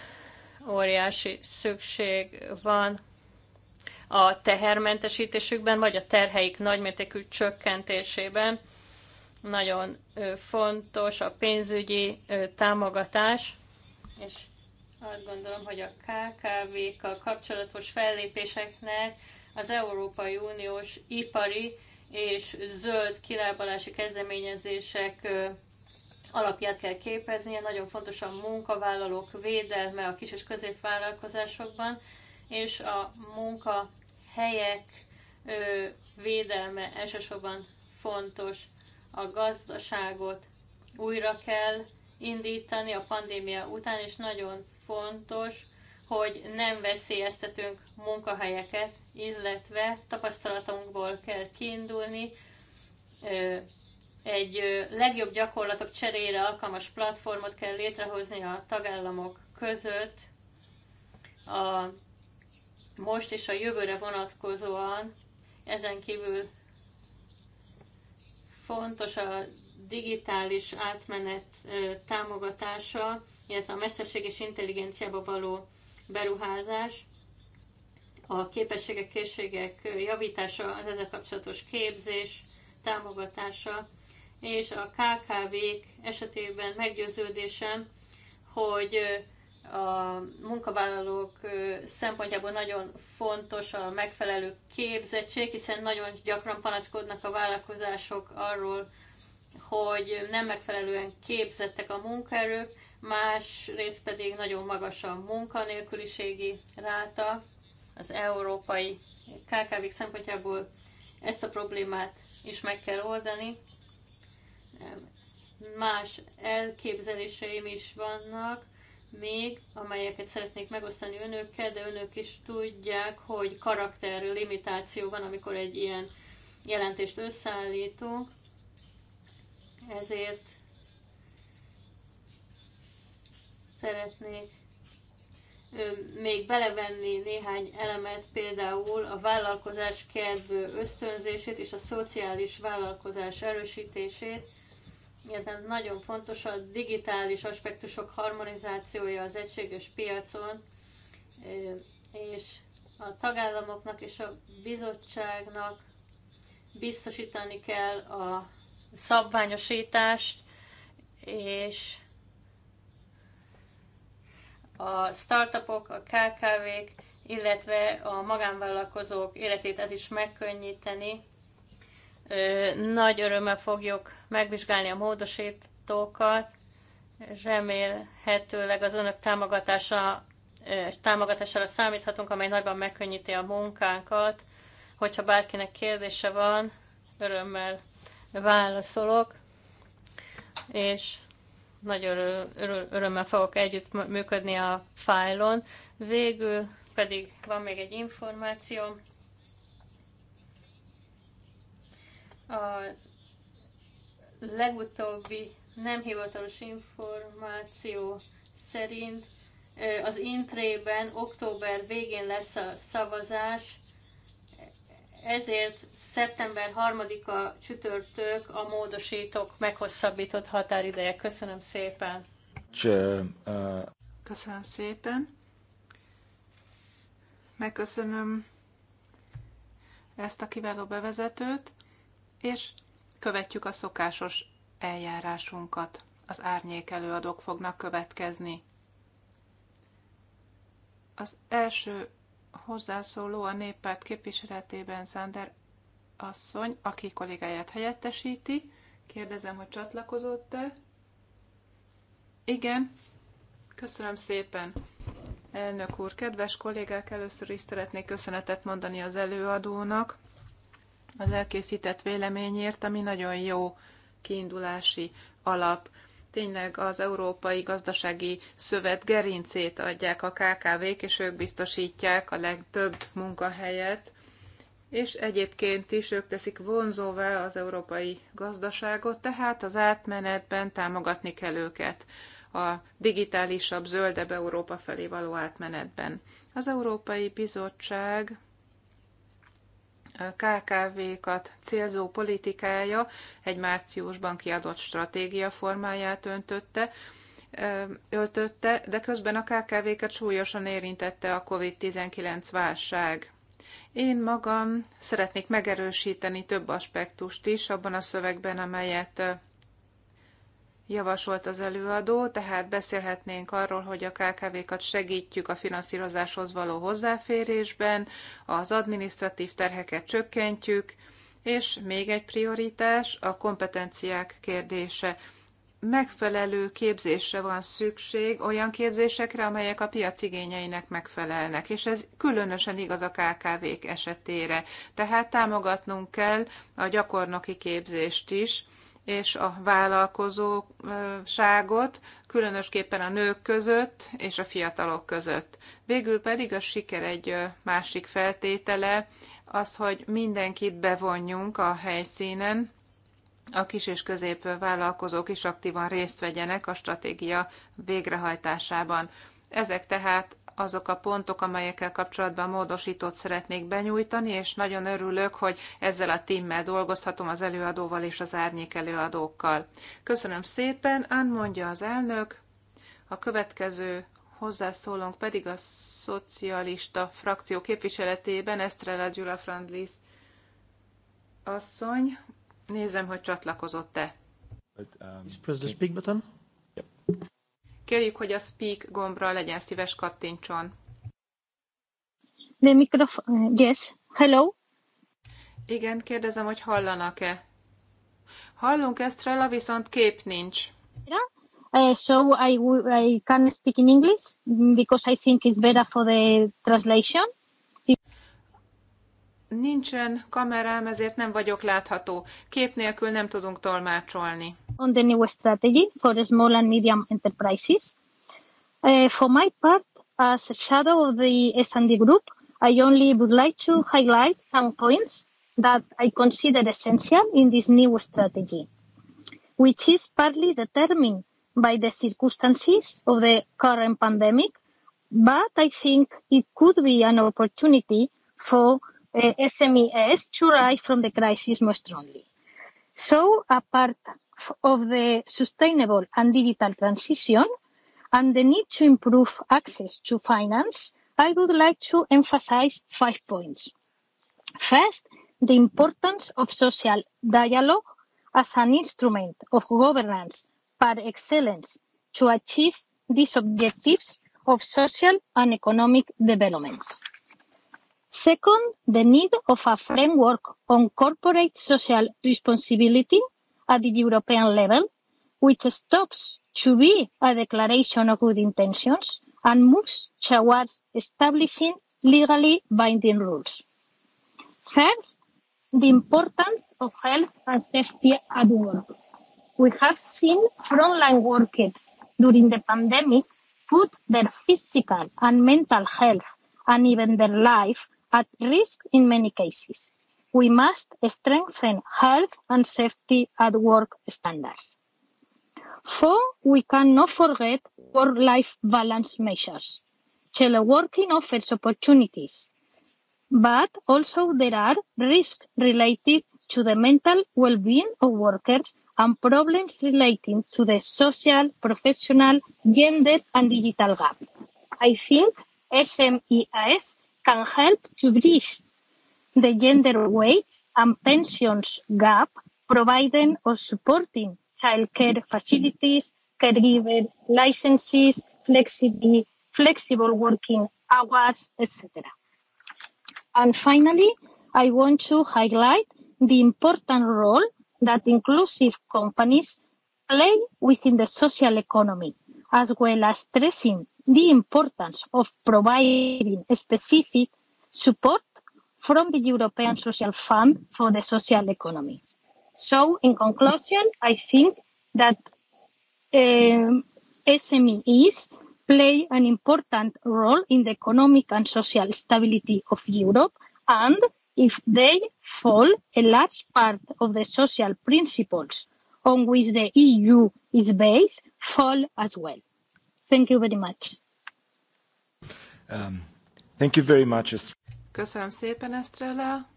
óriási szükség van a tehermentesítésükben, vagy a terheik nagymértékű csökkentésében. Nagyon fontos a pénzügyi támogatás, és azt gondolom, hogy a KKV-kkal kapcsolatos fellépéseknek az Európai Uniós ipari és zöld kilábalási kezdeményezések alapját kell képeznie. Nagyon fontos a munkavállalók védelme a kis- és középvállalkozásokban, és a munkahelyek védelme elsősorban fontos. A gazdaságot újra kell indítani a pandémia után, és nagyon fontos, hogy nem veszélyeztetünk munkahelyeket, illetve tapasztalatunkból kell kiindulni, egy legjobb gyakorlatok cserére alkalmas platformot kell létrehozni a tagállamok között, a most és a jövőre vonatkozóan, ezen kívül fontos a digitális átmenet támogatása, illetve a mesterség és intelligenciába való beruházás, a képességek, készségek javítása, az ezzel kapcsolatos képzés, támogatása, és a KKV-k esetében meggyőződésem, hogy a munkavállalók szempontjából nagyon fontos a megfelelő képzettség, hiszen nagyon gyakran panaszkodnak a vállalkozások arról, hogy nem megfelelően képzettek a munkaerők, másrészt pedig nagyon magas a munkanélküliségi ráta. Az európai kkv szempontjából ezt a problémát is meg kell oldani. Más elképzeléseim is vannak, még, amelyeket szeretnék megosztani önökkel, de önök is tudják, hogy karakter limitáció van, amikor egy ilyen jelentést összeállítunk. Ezért szeretnék még belevenni néhány elemet, például a vállalkozás kedv ösztönzését és a szociális vállalkozás erősítését. Ilyen nagyon fontos a digitális aspektusok harmonizációja az egységes piacon, és a tagállamoknak és a bizottságnak biztosítani kell a szabványosítást, és a startupok, a KKV-k, illetve a magánvállalkozók életét ez is megkönnyíteni. Nagy örömmel fogjuk megvizsgálni a módosítókat. Remélhetőleg az önök támogatása, támogatására számíthatunk, amely nagyban megkönnyíti a munkánkat. Hogyha bárkinek kérdése van, örömmel válaszolok. És nagy öröm, öröm, örömmel fogok együtt működni a fájlon. Végül pedig van még egy információ. Az legutóbbi nem hivatalos információ szerint az intrében október végén lesz a szavazás, ezért szeptember 3-a csütörtök a módosítók meghosszabbított határideje. Köszönöm szépen! Köszönöm szépen! Megköszönöm ezt a kiváló bevezetőt, és követjük a szokásos eljárásunkat. Az árnyék előadók fognak következni. Az első hozzászóló a néppárt képviseletében Zander asszony, aki kollégáját helyettesíti. Kérdezem, hogy csatlakozott-e? Igen. Köszönöm szépen. Elnök úr, kedves kollégák, először is szeretnék köszönetet mondani az előadónak az elkészített véleményért, ami nagyon jó kiindulási alap tényleg az Európai Gazdasági Szövet gerincét adják a KKV-k, és ők biztosítják a legtöbb munkahelyet, és egyébként is ők teszik vonzóvá az európai gazdaságot, tehát az átmenetben támogatni kell őket a digitálisabb, zöldebb Európa felé való átmenetben. Az Európai Bizottság KKV-kat célzó politikája egy márciusban kiadott stratégia formáját öntötte, öltötte, de közben a kkv kat súlyosan érintette a COVID-19 válság. Én magam szeretnék megerősíteni több aspektust is abban a szövegben, amelyet javasolt az előadó, tehát beszélhetnénk arról, hogy a KKV-kat segítjük a finanszírozáshoz való hozzáférésben, az administratív terheket csökkentjük, és még egy prioritás a kompetenciák kérdése. Megfelelő képzésre van szükség, olyan képzésekre, amelyek a piac igényeinek megfelelnek, és ez különösen igaz a KKV-k esetére. Tehát támogatnunk kell a gyakornoki képzést is, és a vállalkozóságot, különösképpen a nők között és a fiatalok között. Végül pedig a siker egy másik feltétele az, hogy mindenkit bevonjunk a helyszínen, a kis és középvállalkozók is aktívan részt vegyenek a stratégia végrehajtásában. Ezek tehát azok a pontok, amelyekkel kapcsolatban módosítót szeretnék benyújtani, és nagyon örülök, hogy ezzel a timmel dolgozhatom az előadóval és az árnyék előadókkal. Köszönöm szépen, Ann mondja az elnök. A következő hozzászólónk pedig a szocialista frakció képviseletében Estrella Gyula Frandlis asszony. Nézem, hogy csatlakozott-e. But, um, Is President the speak button? Kérjük, hogy a speak gombra legyen szíves kattintson. De mikrofon, yes, hello? Igen, kérdezem, hogy hallanak-e. Hallunk Estrella, viszont kép nincs. Uh, so I, I can speak in English because I think it's better for the translation. Nincsen kamerám, ezért nem vagyok látható. Kép nélkül nem tudunk tolmácsolni on the new strategy for small and medium enterprises. Uh, for my part, as a shadow of the S&D group, I only would like to highlight some points that I consider essential in this new strategy, which is partly determined by the circumstances of the current pandemic, but I think it could be an opportunity for uh, SMEs e to rise from the crisis more strongly. So, apart of the sustainable and digital transition and the need to improve access to finance, I would like to emphasize five points. First, the importance of social dialogue as an instrument of governance par excellence to achieve these objectives of social and economic development. Second, the need of a framework on corporate social responsibility at the European level, which stops to be a declaration of good intentions and moves towards establishing legally binding rules. Third, the importance of health and safety at work. We have seen frontline workers during the pandemic put their physical and mental health and even their life at risk in many cases we must strengthen health and safety at work standards. Four, we cannot forget work-life balance measures. Teleworking offers opportunities, but also there are risks related to the mental well-being of workers and problems relating to the social, professional, gender, and digital gap. I think SMEIS e can help to bridge the gender wage and pensions gap, providing or supporting childcare facilities, caregiver licenses, flexible, flexible working hours, etc. And finally, I want to highlight the important role that inclusive companies play within the social economy, as well as stressing the importance of providing specific support from the European Social Fund for the Social Economy. So, in conclusion, I think that um, SMEs play an important role in the economic and social stability of Europe, and if they fall a large part of the social principles on which the EU is based fall as well. Thank you very much. Um, thank you very much. Köszönöm szépen, Estrella.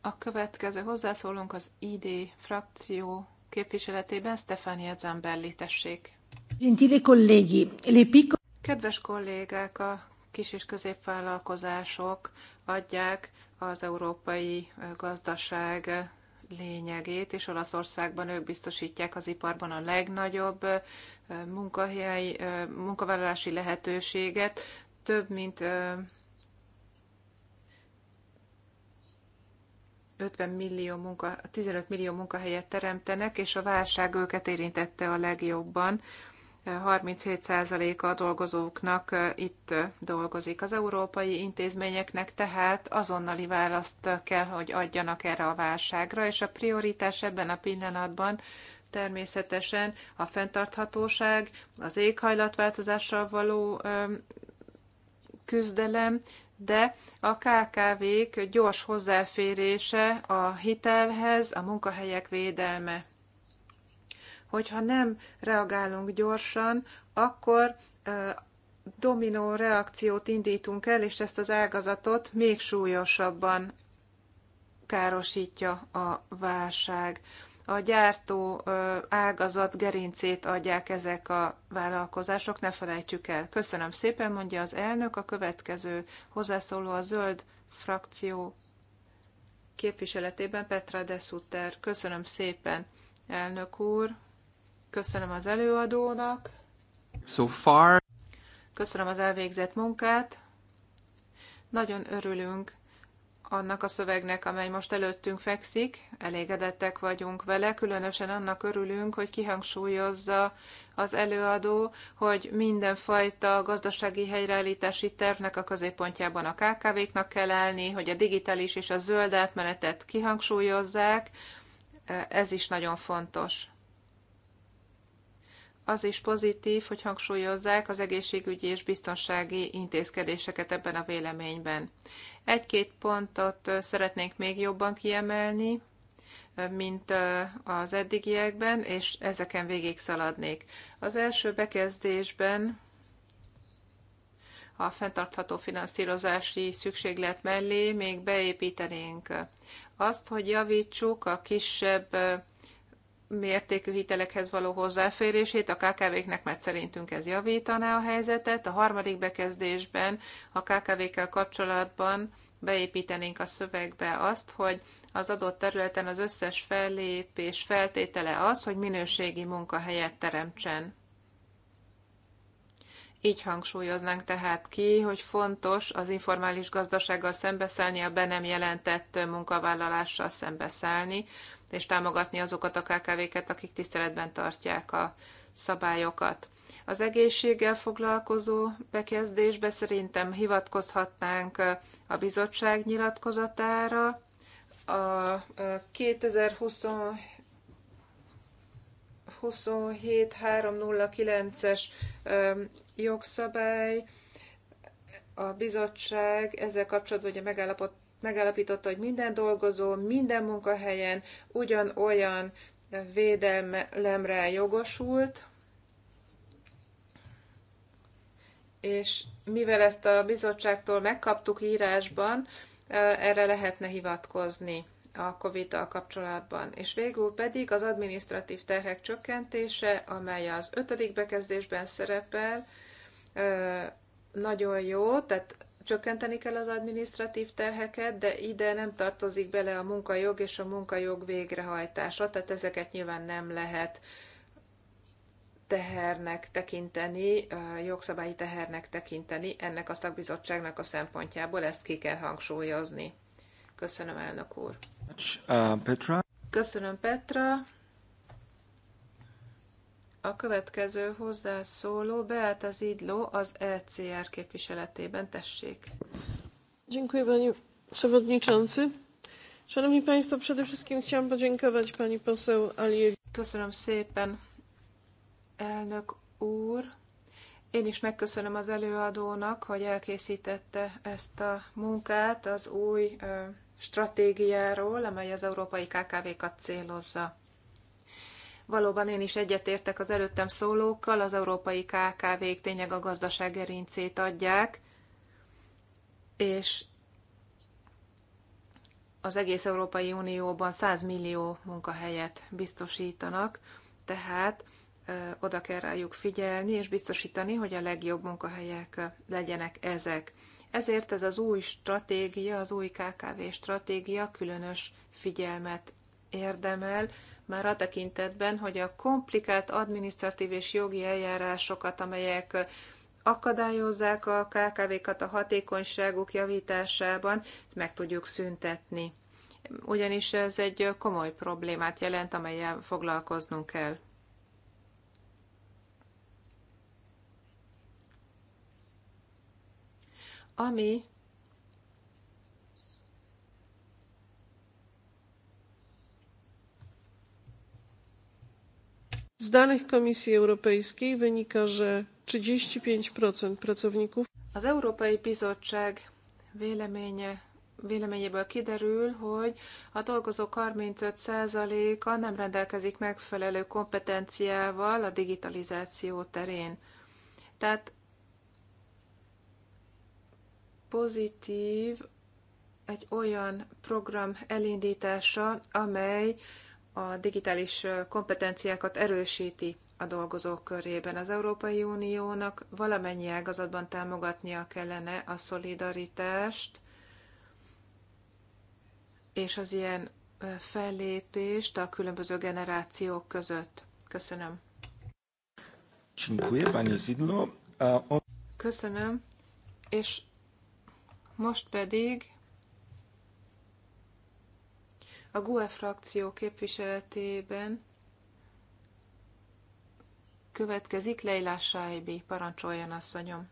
A következő hozzászólunk az ID frakció képviseletében Stefania Zambelli, tessék. Kedves kollégák, a kis és középvállalkozások adják az európai gazdaság lényegét, és Olaszországban ők biztosítják az iparban a legnagyobb munkahelyi, munkavállalási lehetőséget. Több mint 50 millió munka, 15 millió munkahelyet teremtenek, és a válság őket érintette a legjobban. 37%-a a dolgozóknak itt dolgozik. Az európai intézményeknek tehát azonnali választ kell, hogy adjanak erre a válságra, és a prioritás ebben a pillanatban természetesen a fenntarthatóság, az éghajlatváltozással való küzdelem, de a KKV-k gyors hozzáférése a hitelhez, a munkahelyek védelme. Hogyha nem reagálunk gyorsan, akkor dominó reakciót indítunk el, és ezt az ágazatot még súlyosabban károsítja a válság a gyártó ágazat gerincét adják ezek a vállalkozások, ne felejtsük el. Köszönöm szépen, mondja az elnök. A következő hozzászóló a zöld frakció képviseletében Petra de Sutter. Köszönöm szépen, elnök úr. Köszönöm az előadónak. So far. Köszönöm az elvégzett munkát. Nagyon örülünk annak a szövegnek, amely most előttünk fekszik, elégedettek vagyunk vele, különösen annak örülünk, hogy kihangsúlyozza az előadó, hogy mindenfajta gazdasági helyreállítási tervnek a középpontjában a KKV-knak kell állni, hogy a digitális és a zöld átmenetet kihangsúlyozzák, ez is nagyon fontos. Az is pozitív, hogy hangsúlyozzák az egészségügyi és biztonsági intézkedéseket ebben a véleményben. Egy-két pontot szeretnénk még jobban kiemelni, mint az eddigiekben, és ezeken végig szaladnék. Az első bekezdésben a fenntartható finanszírozási szükséglet mellé még beépítenénk azt, hogy javítsuk a kisebb mértékű hitelekhez való hozzáférését, a KKV-knek mert szerintünk ez javítaná a helyzetet. A harmadik bekezdésben a KKV-kkel kapcsolatban beépítenénk a szövegbe azt, hogy az adott területen az összes fellépés feltétele az, hogy minőségi munkahelyet teremtsen. Így hangsúlyoznánk tehát ki, hogy fontos az informális gazdasággal szembeszállni, a be nem jelentett munkavállalással szembeszállni, és támogatni azokat a KKV-ket, akik tiszteletben tartják a szabályokat. Az egészséggel foglalkozó bekezdésbe szerintem hivatkozhatnánk a bizottság nyilatkozatára, a 2027-309-es jogszabály, a bizottság ezzel kapcsolatban ugye megállapodt megállapította, hogy minden dolgozó, minden munkahelyen ugyanolyan védelemre jogosult, és mivel ezt a bizottságtól megkaptuk írásban, eh, erre lehetne hivatkozni a covid tal kapcsolatban. És végül pedig az administratív terhek csökkentése, amely az ötödik bekezdésben szerepel, eh, nagyon jó, tehát csökkenteni kell az administratív terheket, de ide nem tartozik bele a munkajog és a munkajog végrehajtása, tehát ezeket nyilván nem lehet tehernek tekinteni, jogszabályi tehernek tekinteni ennek a szakbizottságnak a szempontjából, ezt ki kell hangsúlyozni. Köszönöm, elnök úr. Uh, Petra. Köszönöm, Petra. A következő hozzászóló Beáta Zidló az ECR képviseletében. Tessék. Dziękuję Pani przewodniczący. Szanowni państwo, przede wszystkim chciałam podziękować pani poseł Alijewi. Köszönöm szépen, elnök úr. Én is megköszönöm az előadónak, hogy elkészítette ezt a munkát az új stratégiáról, amely az európai KKV-kat célozza. Valóban én is egyetértek az előttem szólókkal, az európai KKV-k tényleg a gazdaság gerincét adják, és az egész Európai Unióban 100 millió munkahelyet biztosítanak, tehát oda kell rájuk figyelni, és biztosítani, hogy a legjobb munkahelyek legyenek ezek. Ezért ez az új stratégia, az új KKV stratégia különös figyelmet érdemel, már a tekintetben, hogy a komplikált adminisztratív és jogi eljárásokat, amelyek akadályozzák a KKV-kat a hatékonyságuk javításában, meg tudjuk szüntetni. Ugyanis ez egy komoly problémát jelent, amelyel foglalkoznunk kell. Ami Z danych Komisji Europejskiej wynika, że 35% pracowników az Európai Bizottság véleménye, véleményéből kiderül, hogy a dolgozók 35%-a nem rendelkezik megfelelő kompetenciával a digitalizáció terén. Tehát pozitív egy olyan program elindítása, amely a digitális kompetenciákat erősíti a dolgozók körében. Az Európai Uniónak valamennyi ágazatban támogatnia kellene a szolidaritást és az ilyen fellépést a különböző generációk között. Köszönöm. Köszönöm. És most pedig a GUE frakció képviseletében következik Leila Saibi. Parancsoljon, asszonyom!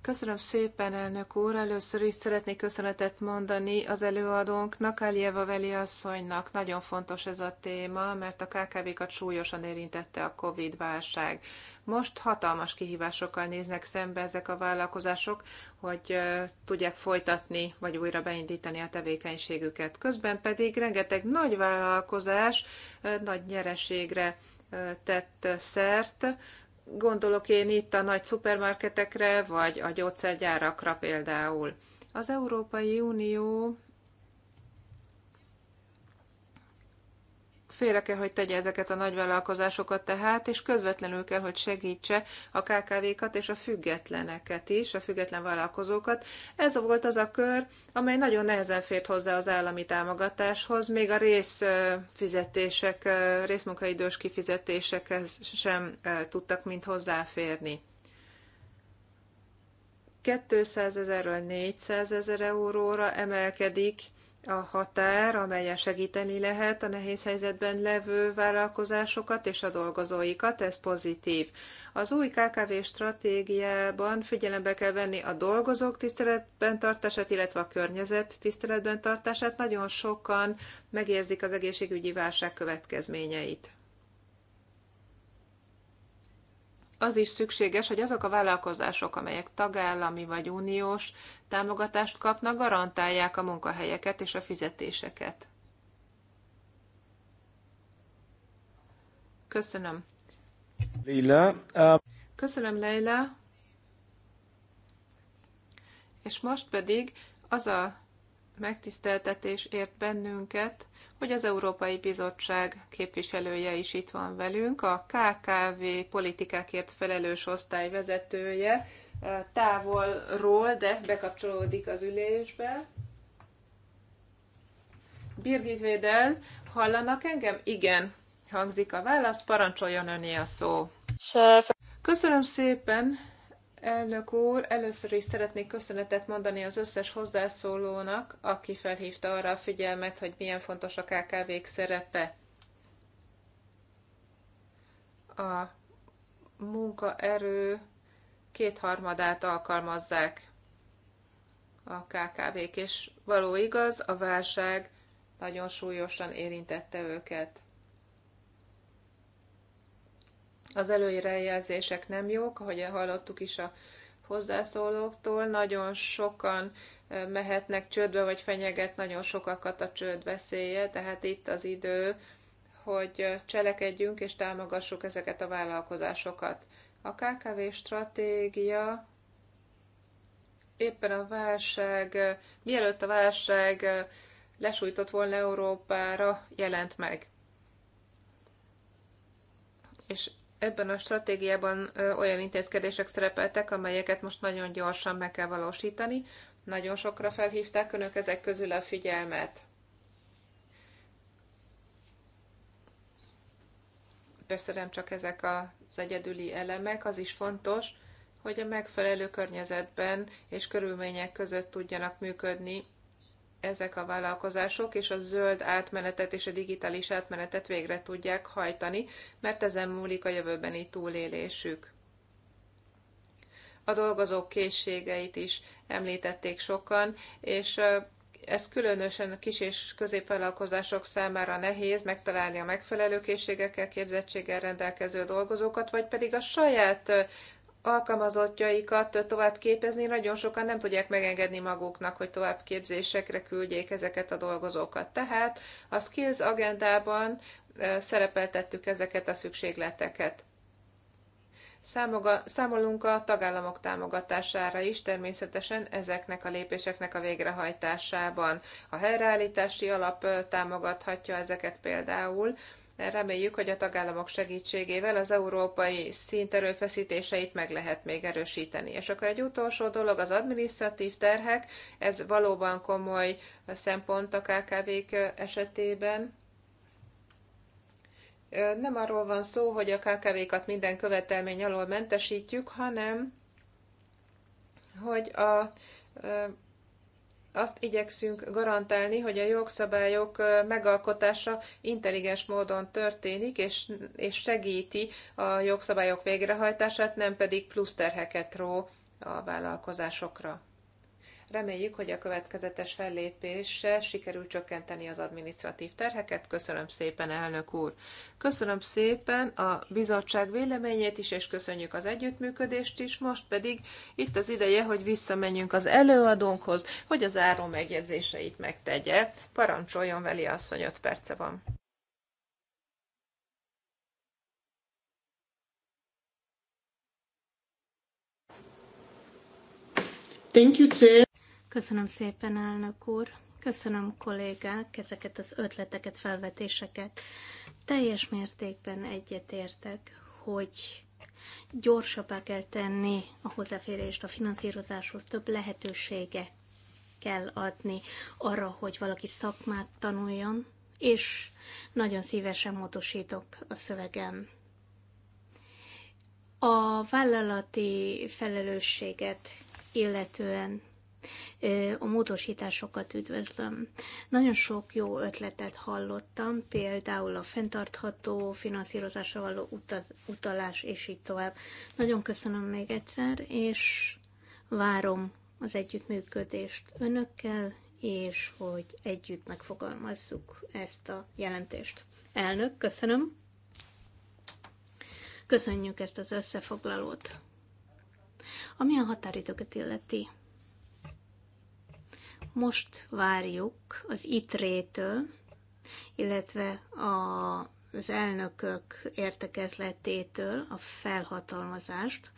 Köszönöm szépen, elnök úr! Először is szeretnék köszönetet mondani az előadónknak, Alieva Veli asszonynak. Nagyon fontos ez a téma, mert a KKV-kat súlyosan érintette a COVID-válság. Most hatalmas kihívásokkal néznek szembe ezek a vállalkozások, hogy tudják folytatni vagy újra beindítani a tevékenységüket. Közben pedig rengeteg nagy vállalkozás nagy nyereségre tett szert, gondolok én itt a nagy szupermarketekre, vagy a gyógyszergyárakra például. Az Európai Unió félre kell, hogy tegye ezeket a nagyvállalkozásokat tehát, és közvetlenül kell, hogy segítse a KKV-kat és a függetleneket is, a független vállalkozókat. Ez volt az a kör, amely nagyon nehezen fért hozzá az állami támogatáshoz, még a részfizetések, részmunkaidős kifizetésekhez sem tudtak mind hozzáférni. 200 ezerről 400 ezer euróra emelkedik a határ, amelyen segíteni lehet a nehéz helyzetben levő vállalkozásokat és a dolgozóikat, ez pozitív. Az új KKV stratégiában figyelembe kell venni a dolgozók tiszteletben tartását, illetve a környezet tiszteletben tartását. Nagyon sokan megérzik az egészségügyi válság következményeit. az is szükséges, hogy azok a vállalkozások, amelyek tagállami vagy uniós támogatást kapnak, garantálják a munkahelyeket és a fizetéseket. Köszönöm. Leila. Um... Köszönöm, Leila. És most pedig az a megtiszteltetés ért bennünket, hogy az Európai Bizottság képviselője is itt van velünk, a KKV politikákért felelős osztály vezetője távolról, de bekapcsolódik az ülésbe. Birgit Védel, hallanak engem? Igen, hangzik a válasz, parancsoljon öné a szó. Köszönöm szépen, Elnök úr, először is szeretnék köszönetet mondani az összes hozzászólónak, aki felhívta arra a figyelmet, hogy milyen fontos a kkv szerepe a munkaerő kétharmadát alkalmazzák a KKV-k, és való igaz, a válság nagyon súlyosan érintette őket. Az előrejelzések nem jók, ahogy hallottuk is a hozzászólóktól. Nagyon sokan mehetnek csődbe, vagy fenyeget nagyon sokakat a csőd veszélye, tehát itt az idő, hogy cselekedjünk és támogassuk ezeket a vállalkozásokat. A KKV stratégia éppen a válság, mielőtt a válság lesújtott volna Európára, jelent meg. És Ebben a stratégiában olyan intézkedések szerepeltek, amelyeket most nagyon gyorsan meg kell valósítani. Nagyon sokra felhívták önök ezek közül a figyelmet. Persze nem csak ezek az egyedüli elemek, az is fontos, hogy a megfelelő környezetben és körülmények között tudjanak működni ezek a vállalkozások, és a zöld átmenetet és a digitális átmenetet végre tudják hajtani, mert ezen múlik a jövőbeni túlélésük. A dolgozók készségeit is említették sokan, és ez különösen a kis és középvállalkozások számára nehéz megtalálni a megfelelő készségekkel, képzettséggel rendelkező dolgozókat, vagy pedig a saját alkalmazottjaikat tovább képezni, nagyon sokan nem tudják megengedni maguknak, hogy tovább képzésekre küldjék ezeket a dolgozókat. Tehát a Skills agendában szerepeltettük ezeket a szükségleteket. Számoga, számolunk a tagállamok támogatására is, természetesen ezeknek a lépéseknek a végrehajtásában. A helyreállítási alap támogathatja ezeket például, Reméljük, hogy a tagállamok segítségével az európai szint erőfeszítéseit meg lehet még erősíteni. És akkor egy utolsó dolog az administratív terhek, ez valóban komoly szempont a KKV-k esetében. Nem arról van szó, hogy a KKV-kat minden követelmény alól mentesítjük, hanem hogy a azt igyekszünk garantálni, hogy a jogszabályok megalkotása intelligens módon történik, és, és segíti a jogszabályok végrehajtását, nem pedig plusz terheket ró a vállalkozásokra. Reméljük, hogy a következetes fellépéssel sikerül csökkenteni az adminisztratív terheket. Köszönöm szépen, elnök úr! Köszönöm szépen a bizottság véleményét is, és köszönjük az együttműködést is. Most pedig itt az ideje, hogy visszamenjünk az előadónkhoz, hogy az áró megjegyzéseit megtegye. Parancsoljon veli asszony, 5 perce van. Thank you, Chair. Köszönöm szépen, elnök úr. Köszönöm kollégák ezeket az ötleteket, felvetéseket. Teljes mértékben egyetértek, hogy gyorsabbá kell tenni a hozzáférést a finanszírozáshoz, több lehetősége kell adni arra, hogy valaki szakmát tanuljon, és nagyon szívesen módosítok a szövegen. A vállalati felelősséget illetően a módosításokat üdvözlöm. Nagyon sok jó ötletet hallottam, például a fenntartható finanszírozásra való utaz, utalás, és így tovább. Nagyon köszönöm még egyszer, és várom az együttműködést önökkel, és hogy együtt megfogalmazzuk ezt a jelentést. Elnök, köszönöm. Köszönjük ezt az összefoglalót. Ami a határidőket illeti, most várjuk az ITRÉ-től, illetve a, az elnökök értekezletétől a felhatalmazást.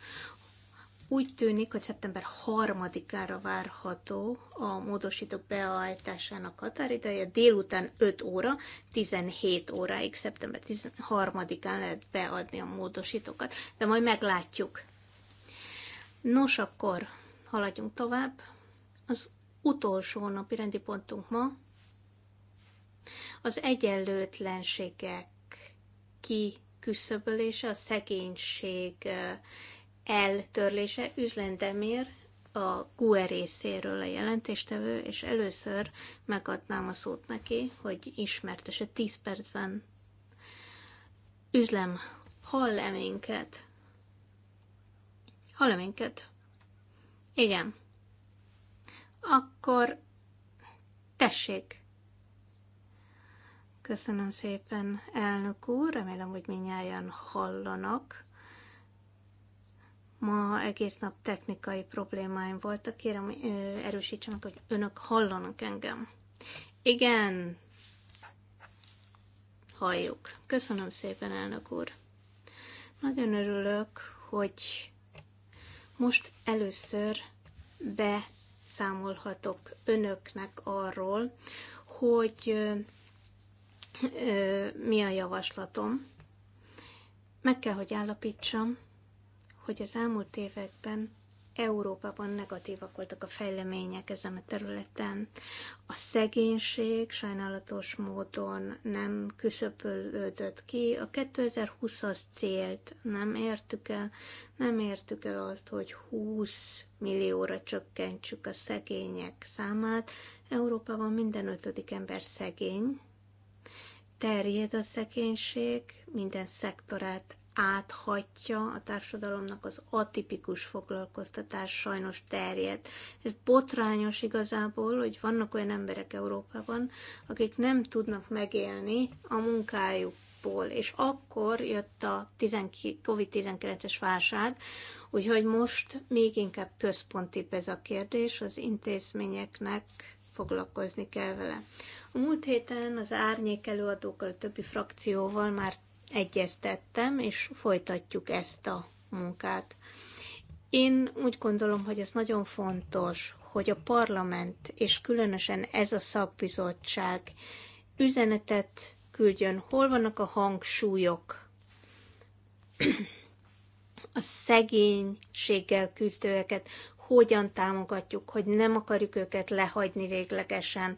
Úgy tűnik, hogy szeptember 3-ára várható a módosítók beállításának határideje, délután 5 óra, 17 óráig, szeptember 13-án lehet beadni a módosítókat, de majd meglátjuk. Nos, akkor haladjunk tovább. Az utolsó napi rendi pontunk ma az egyenlőtlenségek kiküszöbölése, a szegénység eltörlése. Üzlendemér a GUE részéről a jelentéstevő, és először megadnám a szót neki, hogy ismertese 10 percben. Üzlem, hall-e minket? Hall-e minket? Igen. Akkor tessék! Köszönöm szépen, elnök úr, remélem, hogy minnyáján hallanak. Ma egész nap technikai problémáim voltak, kérem erősítsen meg, hogy önök hallanak engem. Igen, halljuk. Köszönöm szépen, elnök úr. Nagyon örülök, hogy most először be beszámolhatok önöknek arról, hogy mi a javaslatom. Meg kell, hogy állapítsam, hogy az elmúlt években Európában negatívak voltak a fejlemények ezen a területen. A szegénység sajnálatos módon nem küszöpölődött ki, a 2020-as célt nem értük el, nem értük el azt, hogy 20 millióra csökkentsük a szegények számát. Európában minden ötödik ember szegény, terjed a szegénység, minden szektorát áthatja a társadalomnak az atipikus foglalkoztatás sajnos terjed. Ez botrányos igazából, hogy vannak olyan emberek Európában, akik nem tudnak megélni a munkájukból. És akkor jött a COVID-19-es válság, úgyhogy most még inkább központi ez a kérdés, az intézményeknek foglalkozni kell vele. A múlt héten az árnyék előadókkal, a többi frakcióval már egyeztettem, és folytatjuk ezt a munkát. Én úgy gondolom, hogy ez nagyon fontos, hogy a parlament, és különösen ez a szakbizottság üzenetet küldjön, hol vannak a hangsúlyok a szegénységgel küzdőeket, hogyan támogatjuk, hogy nem akarjuk őket lehagyni véglegesen.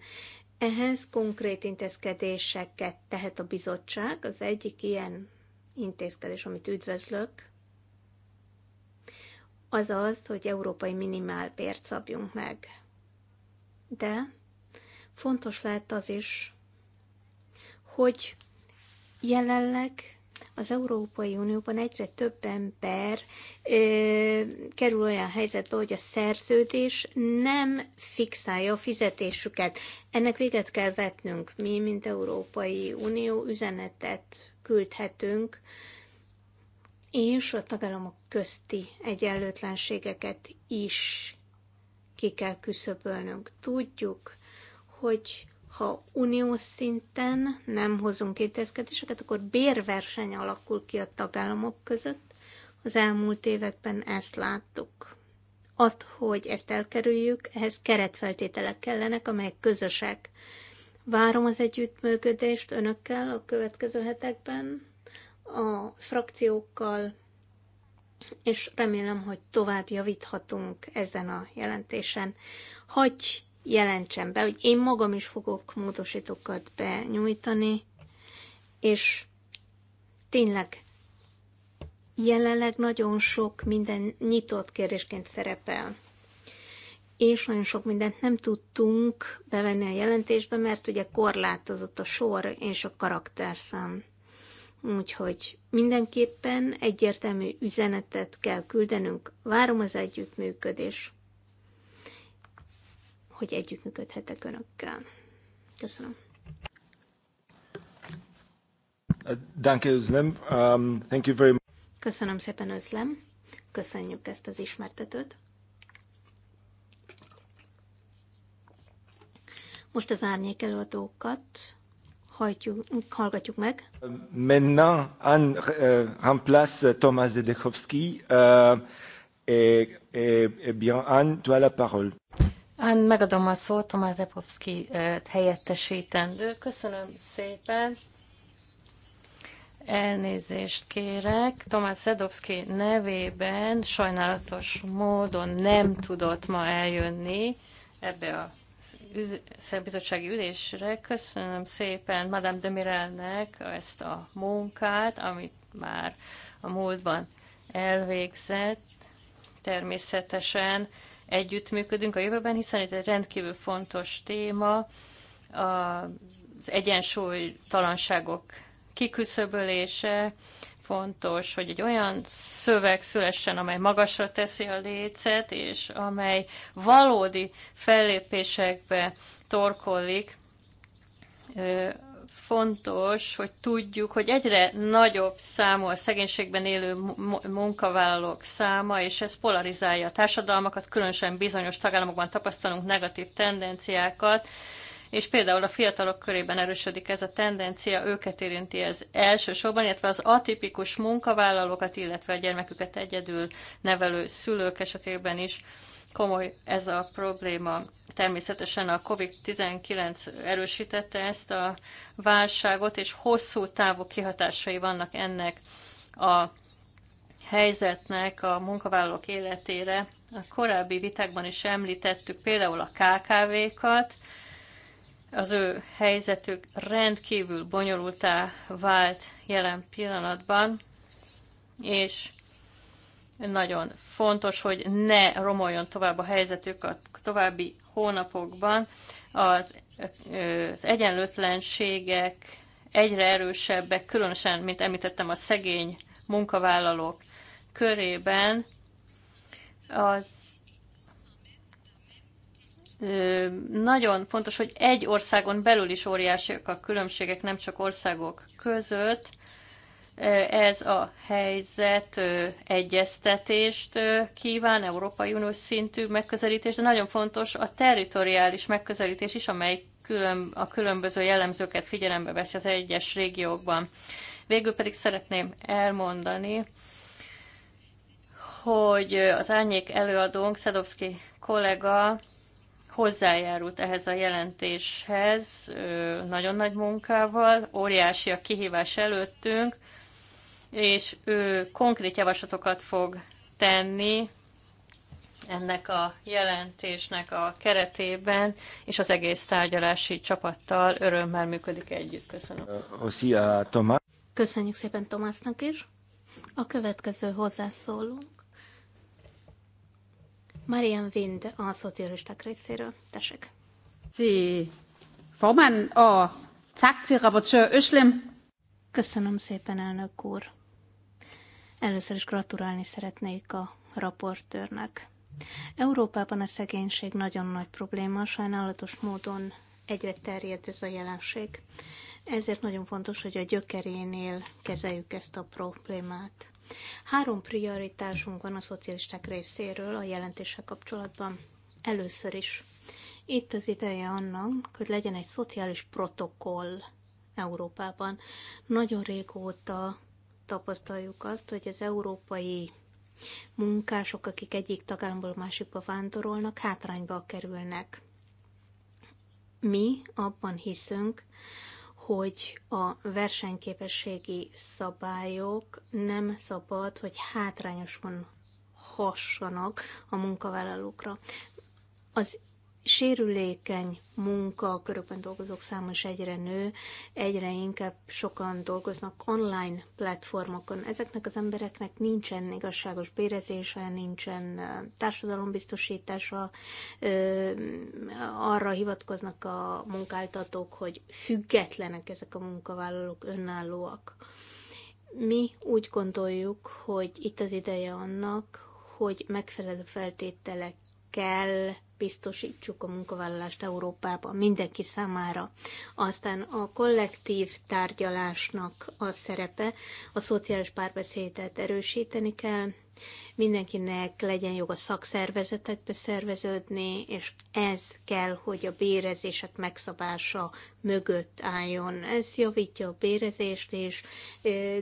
Ehhez konkrét intézkedéseket tehet a bizottság. Az egyik ilyen intézkedés, amit üdvözlök, az az, hogy európai minimálbért szabjunk meg. De fontos lehet az is, hogy jelenleg az Európai Unióban egyre több ember ö, kerül olyan helyzetbe, hogy a szerződés nem fixálja a fizetésüket. Ennek véget kell vetnünk. Mi, mint Európai Unió, üzenetet küldhetünk, és a tagállamok közti egyenlőtlenségeket is ki kell küszöbölnünk. Tudjuk, hogy ha uniós szinten nem hozunk intézkedéseket, akkor bérverseny alakul ki a tagállamok között. Az elmúlt években ezt láttuk. Azt, hogy ezt elkerüljük, ehhez keretfeltételek kellenek, amelyek közösek. Várom az együttműködést önökkel a következő hetekben, a frakciókkal, és remélem, hogy tovább javíthatunk ezen a jelentésen. Hagy jelentsem be, hogy én magam is fogok módosítókat benyújtani, és tényleg jelenleg nagyon sok minden nyitott kérdésként szerepel. És nagyon sok mindent nem tudtunk bevenni a jelentésbe, mert ugye korlátozott a sor és a karakterszám. Úgyhogy mindenképpen egyértelmű üzenetet kell küldenünk. Várom az együttműködés hogy együttműködhetek önökkel. Köszönöm. Uh, danke, Özlem. Um, thank you very much. Köszönöm szépen, Özlem. Köszönjük ezt az ismertetőt. Most az árnyék előadókat hajtjuk, hallgatjuk meg. Uh, maintenant, Anne uh, remplace Thomas Zedekovski. et, et, et bien, Anne, tu as la parole. Án, megadom a szót Tomás Depovszki helyettesítendő. Köszönöm szépen. Elnézést kérek. Tomás Szedovszki nevében sajnálatos módon nem tudott ma eljönni ebbe a szerbizottsági ülésre. Köszönöm szépen Madame de Mirelnek ezt a munkát, amit már a múltban elvégzett. Természetesen együttműködünk a jövőben, hiszen ez egy rendkívül fontos téma, az egyensúlytalanságok kiküszöbölése, fontos, hogy egy olyan szöveg szülessen, amely magasra teszi a lécet, és amely valódi fellépésekbe torkollik fontos, hogy tudjuk, hogy egyre nagyobb számú a szegénységben élő munkavállalók száma, és ez polarizálja a társadalmakat, különösen bizonyos tagállamokban tapasztalunk negatív tendenciákat, és például a fiatalok körében erősödik ez a tendencia, őket érinti ez elsősorban, illetve az atipikus munkavállalókat, illetve a gyermeküket egyedül nevelő szülők esetében is komoly ez a probléma. Természetesen a COVID-19 erősítette ezt a válságot, és hosszú távú kihatásai vannak ennek a helyzetnek a munkavállalók életére. A korábbi vitákban is említettük például a KKV-kat, az ő helyzetük rendkívül bonyolultá vált jelen pillanatban, és nagyon fontos, hogy ne romoljon tovább a helyzetük a további hónapokban. Az, az egyenlőtlenségek egyre erősebbek, különösen, mint említettem, a szegény munkavállalók körében. Az nagyon fontos, hogy egy országon belül is óriásiak a különbségek, nem csak országok között. Ez a helyzet egyeztetést kíván, Európai Uniós szintű megközelítés, de nagyon fontos a territoriális megközelítés is, amely külön, a különböző jellemzőket figyelembe veszi az egyes régiókban. Végül pedig szeretném elmondani, hogy az árnyék előadónk, Szedovszki kollega hozzájárult ehhez a jelentéshez nagyon nagy munkával, óriási a kihívás előttünk, és ő konkrét javaslatokat fog tenni ennek a jelentésnek a keretében, és az egész tárgyalási csapattal örömmel működik együtt. Köszönöm. Uh, Köszönjük szépen Tomásnak is. A következő hozzászólunk. Marian Wind a szocialisták részéről. Tessék. Sí. Formán oh. tak til rapporteur Öslem. Köszönöm szépen, elnök úr. Először is gratulálni szeretnék a raportőrnek. Európában a szegénység nagyon nagy probléma, sajnálatos módon egyre terjed ez a jelenség. Ezért nagyon fontos, hogy a gyökerénél kezeljük ezt a problémát. Három prioritásunk van a szocialisták részéről a jelentéssel kapcsolatban. Először is. Itt az ideje annak, hogy legyen egy szociális protokoll Európában. Nagyon régóta tapasztaljuk azt, hogy az európai munkások, akik egyik tagállamból másikba vándorolnak, hátrányba kerülnek. Mi abban hiszünk, hogy a versenyképességi szabályok nem szabad, hogy hátrányosan hassanak a munkavállalókra. Az sérülékeny munka körökben dolgozók száma is egyre nő, egyre inkább sokan dolgoznak online platformokon. Ezeknek az embereknek nincsen igazságos bérezése, nincsen társadalombiztosítása, arra hivatkoznak a munkáltatók, hogy függetlenek ezek a munkavállalók, önállóak. Mi úgy gondoljuk, hogy itt az ideje annak, hogy megfelelő feltételekkel biztosítsuk a munkavállalást Európában mindenki számára. Aztán a kollektív tárgyalásnak a szerepe, a szociális párbeszédet erősíteni kell, mindenkinek legyen joga szakszervezetekbe szerveződni, és ez kell, hogy a bérezések megszabása mögött álljon. Ez javítja a bérezést is,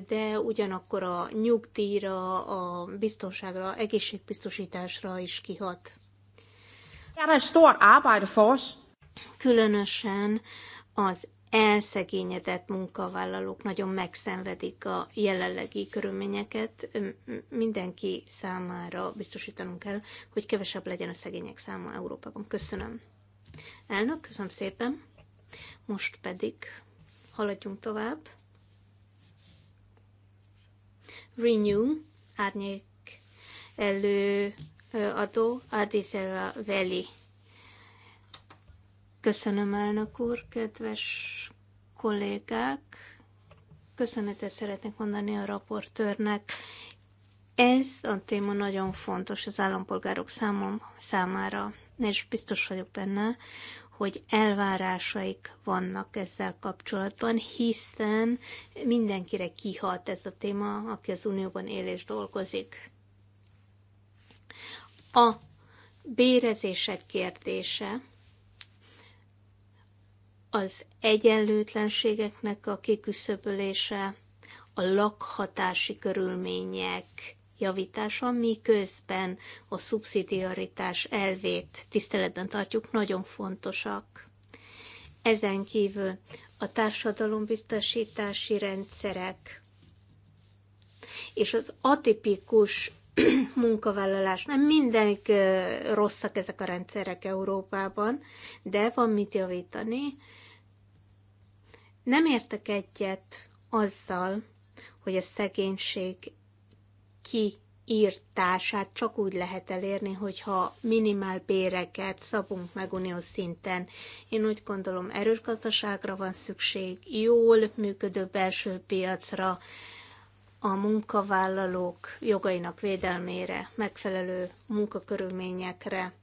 de ugyanakkor a nyugdíjra, a biztonságra, egészségbiztosításra is kihat er der et stort arbejde for os. Különösen az elszegényedett munkavállalók nagyon megszenvedik a jelenlegi körülményeket. Mindenki számára biztosítanunk kell, hogy kevesebb legyen a szegények száma Európában. Köszönöm. Elnök, köszönöm szépen. Most pedig haladjunk tovább. Renew, árnyék elő adó Adizera Veli. Köszönöm, elnök úr, kedves kollégák! Köszönetet szeretnék mondani a raportőrnek. Ez a téma nagyon fontos az állampolgárok számom, számára, és biztos vagyok benne, hogy elvárásaik vannak ezzel kapcsolatban, hiszen mindenkire kihat ez a téma, aki az Unióban él és dolgozik. A bérezések kérdése az egyenlőtlenségeknek a kiküszöbölése, a lakhatási körülmények javítása, miközben a szubszidiaritás elvét tiszteletben tartjuk, nagyon fontosak. Ezen kívül a társadalombiztosítási rendszerek és az atipikus munkavállalás. Nem mindenk rosszak ezek a rendszerek Európában, de van mit javítani. Nem értek egyet azzal, hogy a szegénység kiírtását csak úgy lehet elérni, hogyha minimál béreket szabunk meg uniós szinten. Én úgy gondolom, erős gazdaságra van szükség, jól működő belső piacra, a munkavállalók jogainak védelmére, megfelelő munkakörülményekre.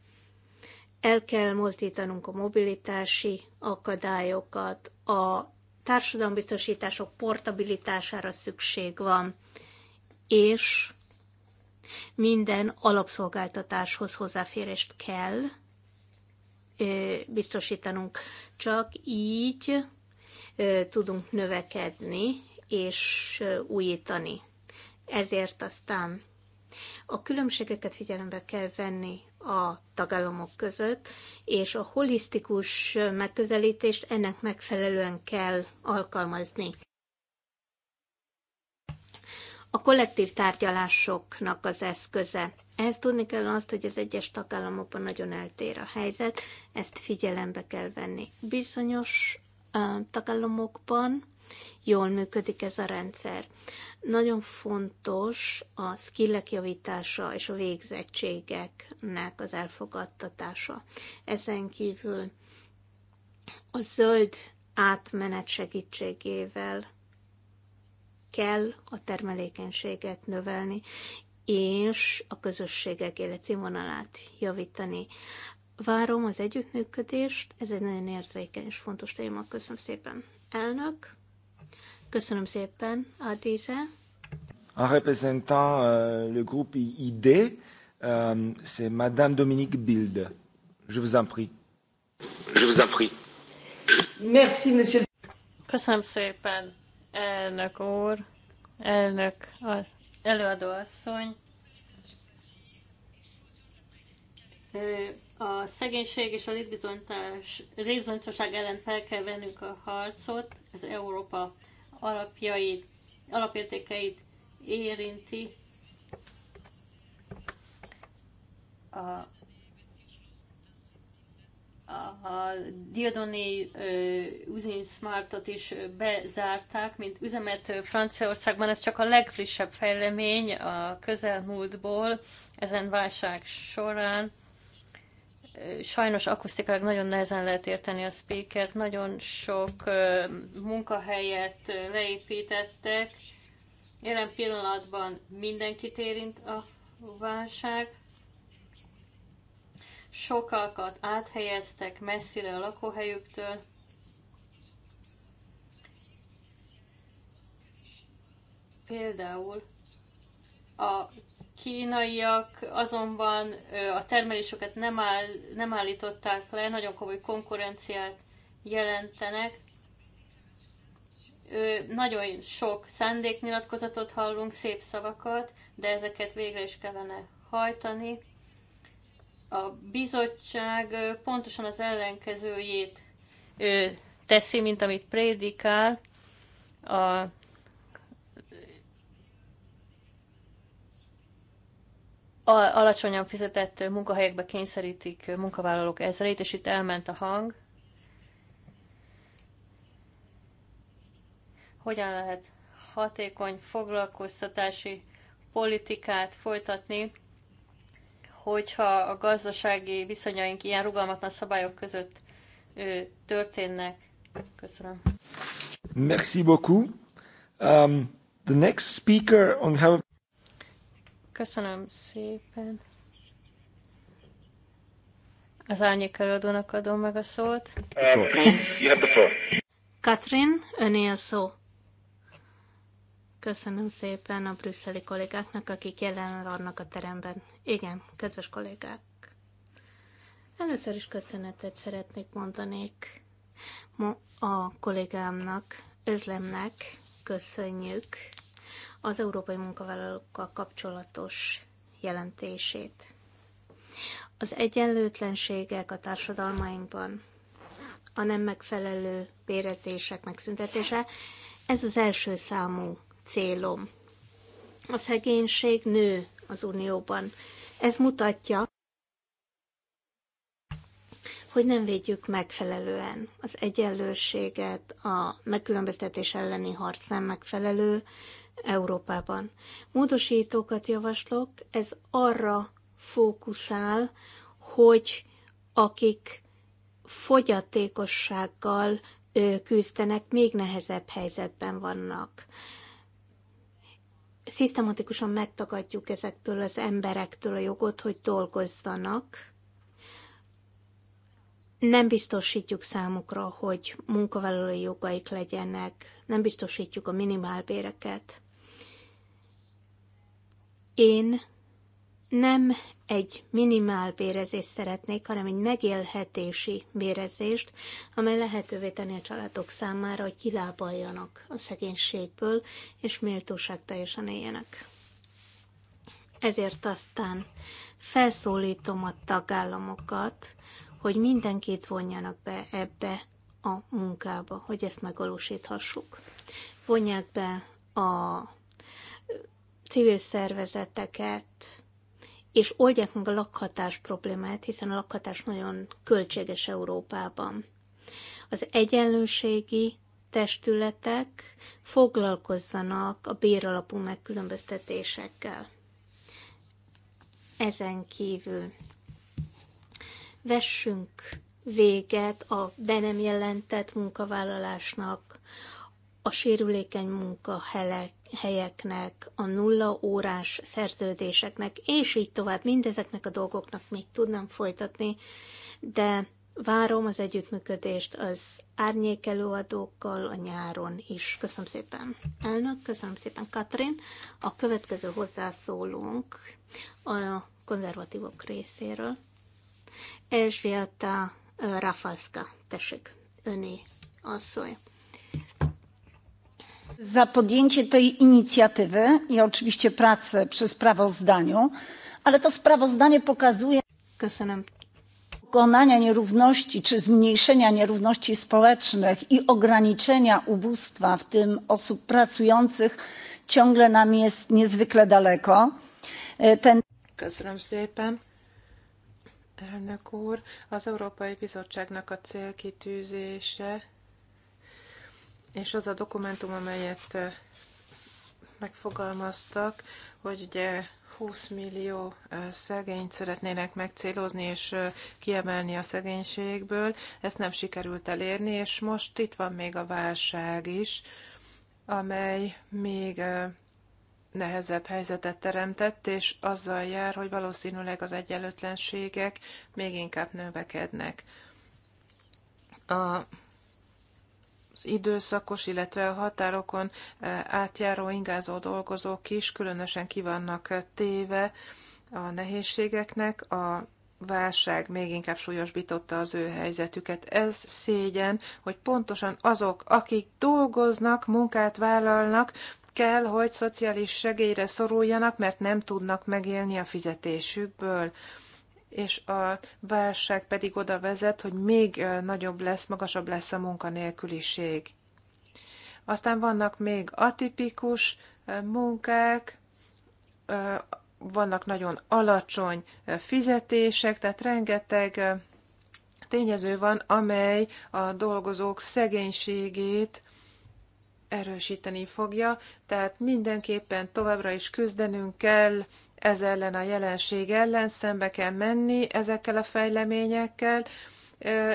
El kell mozdítanunk a mobilitási akadályokat, a társadalombiztosítások portabilitására szükség van, és minden alapszolgáltatáshoz hozzáférést kell biztosítanunk. Csak így tudunk növekedni, és újítani. Ezért aztán a különbségeket figyelembe kell venni a tagállamok között, és a holisztikus megközelítést ennek megfelelően kell alkalmazni. A kollektív tárgyalásoknak az eszköze. Ez tudni kell azt, hogy az egyes tagállamokban nagyon eltér a helyzet, ezt figyelembe kell venni. Bizonyos tagállamokban jól működik ez a rendszer. Nagyon fontos a skillek javítása és a végzettségeknek az elfogadtatása. Ezen kívül a zöld átmenet segítségével kell a termelékenységet növelni, és a közösségek életszínvonalát javítani. Várom az együttműködést, ez egy nagyon érzékeny és fontos téma. Köszönöm szépen, elnök! Köszönöm szépen, Adise. A représentant uh, le groupe ID, um, euh, c'est Madame Dominique Bild. Je vous en prie. Je vous en prie. Merci, monsieur. Köszönöm szépen, elnök úr, elnök, az előadó asszony. A szegénység és a létbizonytalanság ellen fel kell vennünk a harcot, ez Európa alapjait, alapértékeit érinti. A, a Diodoni Usin Smartot is bezárták, mint üzemet Franciaországban. Ez csak a legfrissebb fejlemény a közelmúltból ezen válság során sajnos akusztikailag nagyon nehezen lehet érteni a speakert, nagyon sok munkahelyet leépítettek. Jelen pillanatban mindenkit érint a válság. Sokakat áthelyeztek messzire a lakóhelyüktől. Például a kínaiak azonban a termelésüket nem, áll, nem állították le, nagyon komoly konkurenciát jelentenek. Nagyon sok szándéknyilatkozatot hallunk, szép szavakat, de ezeket végre is kellene hajtani. A bizottság pontosan az ellenkezőjét teszi, mint amit prédikál. A alacsonyan fizetett munkahelyekbe kényszerítik munkavállalók ezreit, és itt elment a hang. Hogyan lehet hatékony foglalkoztatási politikát folytatni, hogyha a gazdasági viszonyaink ilyen rugalmatlan szabályok között történnek. Köszönöm. Merci beaucoup. Um, the next speaker on how... Köszönöm szépen. Az árnyék előadónak adom meg a szót. Uh, please, you have the floor. Katrin, öné a szó. Köszönöm szépen a brüsszeli kollégáknak, akik jelen vannak a teremben. Igen, kedves kollégák. Először is köszönetet szeretnék mondanék a kollégámnak, özlemnek. Köszönjük az európai munkavállalókkal kapcsolatos jelentését. Az egyenlőtlenségek a társadalmainkban, a nem megfelelő bérezések megszüntetése, ez az első számú célom. A szegénység nő az Unióban. Ez mutatja, hogy nem védjük megfelelően az egyenlőséget, a megkülönböztetés elleni harc nem megfelelő, Európában. Módosítókat javaslok, ez arra fókuszál, hogy akik fogyatékossággal küzdenek, még nehezebb helyzetben vannak. Szisztematikusan megtagadjuk ezektől az emberektől a jogot, hogy dolgozzanak. Nem biztosítjuk számukra, hogy munkavállalói jogaik legyenek, nem biztosítjuk a minimálbéreket. Én nem egy minimál bérezést szeretnék, hanem egy megélhetési bérezést, amely lehetővé tenni a családok számára, hogy kilábaljanak a szegénységből, és méltóság teljesen éljenek. Ezért aztán felszólítom a tagállamokat, hogy mindenkit vonjanak be ebbe a munkába, hogy ezt megvalósíthassuk. Vonják be a civil szervezeteket, és oldják meg a lakhatás problémát, hiszen a lakhatás nagyon költséges Európában. Az egyenlőségi testületek foglalkozzanak a béralapú megkülönböztetésekkel. Ezen kívül vessünk véget a be nem jelentett munkavállalásnak, a sérülékeny munkahelek helyeknek, a nulla órás szerződéseknek, és így tovább, mindezeknek a dolgoknak még tudnám folytatni, de várom az együttműködést az árnyékelőadókkal a nyáron is. Köszönöm szépen, elnök, köszönöm szépen, Katrin. A következő hozzászólónk a konzervatívok részéről. Elsviata Rafalska, tessék, öné asszony. Za podjęcie tej inicjatywy i oczywiście pracę przy sprawozdaniu, ale to sprawozdanie pokazuje. pokonania nierówności czy zmniejszenia nierówności społecznych i ograniczenia ubóstwa w tym osób pracujących ciągle nam jest niezwykle daleko. E, ten... Köszönöm szépen. Elnök úr, az Európai Bizottságnak a célkitűzése és az a dokumentum, amelyet megfogalmaztak, hogy ugye 20 millió szegényt szeretnének megcélozni és kiemelni a szegénységből. Ezt nem sikerült elérni, és most itt van még a válság is, amely még nehezebb helyzetet teremtett, és azzal jár, hogy valószínűleg az egyenlőtlenségek még inkább növekednek. A az időszakos, illetve a határokon eh, átjáró ingázó dolgozók is különösen kivannak téve a nehézségeknek, a válság még inkább súlyosbította az ő helyzetüket. Ez szégyen, hogy pontosan azok, akik dolgoznak, munkát vállalnak, kell, hogy szociális segélyre szoruljanak, mert nem tudnak megélni a fizetésükből és a válság pedig oda vezet, hogy még nagyobb lesz, magasabb lesz a munkanélküliség. Aztán vannak még atipikus munkák, vannak nagyon alacsony fizetések, tehát rengeteg tényező van, amely a dolgozók szegénységét erősíteni fogja, tehát mindenképpen továbbra is küzdenünk kell ez ellen a jelenség ellen szembe kell menni ezekkel a fejleményekkel,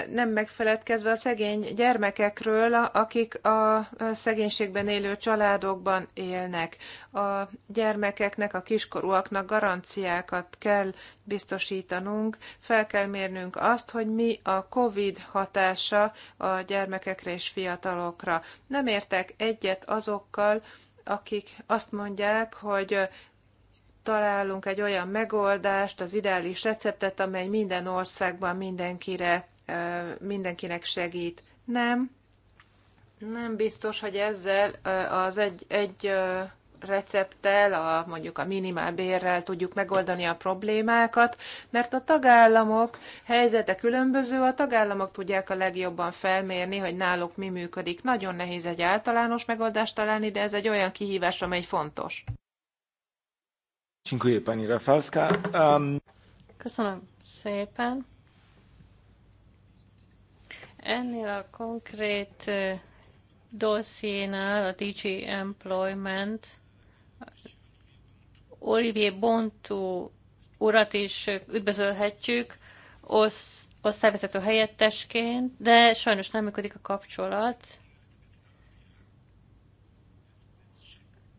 nem megfeledkezve a szegény gyermekekről, akik a szegénységben élő családokban élnek. A gyermekeknek, a kiskorúaknak garanciákat kell biztosítanunk, fel kell mérnünk azt, hogy mi a COVID hatása a gyermekekre és fiatalokra. Nem értek egyet azokkal, akik azt mondják, hogy találunk egy olyan megoldást, az ideális receptet, amely minden országban mindenkire, mindenkinek segít. Nem, nem biztos, hogy ezzel az egy, egy recepttel, a, mondjuk a minimálbérrel tudjuk megoldani a problémákat, mert a tagállamok helyzete különböző, a tagállamok tudják a legjobban felmérni, hogy náluk mi működik. Nagyon nehéz egy általános megoldást találni, de ez egy olyan kihívás, amely fontos. Dziękuję pani Rafalska. Um... Köszönöm szépen. Ennél a konkrét dossziénál, a DG Employment, Olivier Bontu urat is üdvözölhetjük osz, osztályvezető helyettesként, de sajnos nem működik a kapcsolat.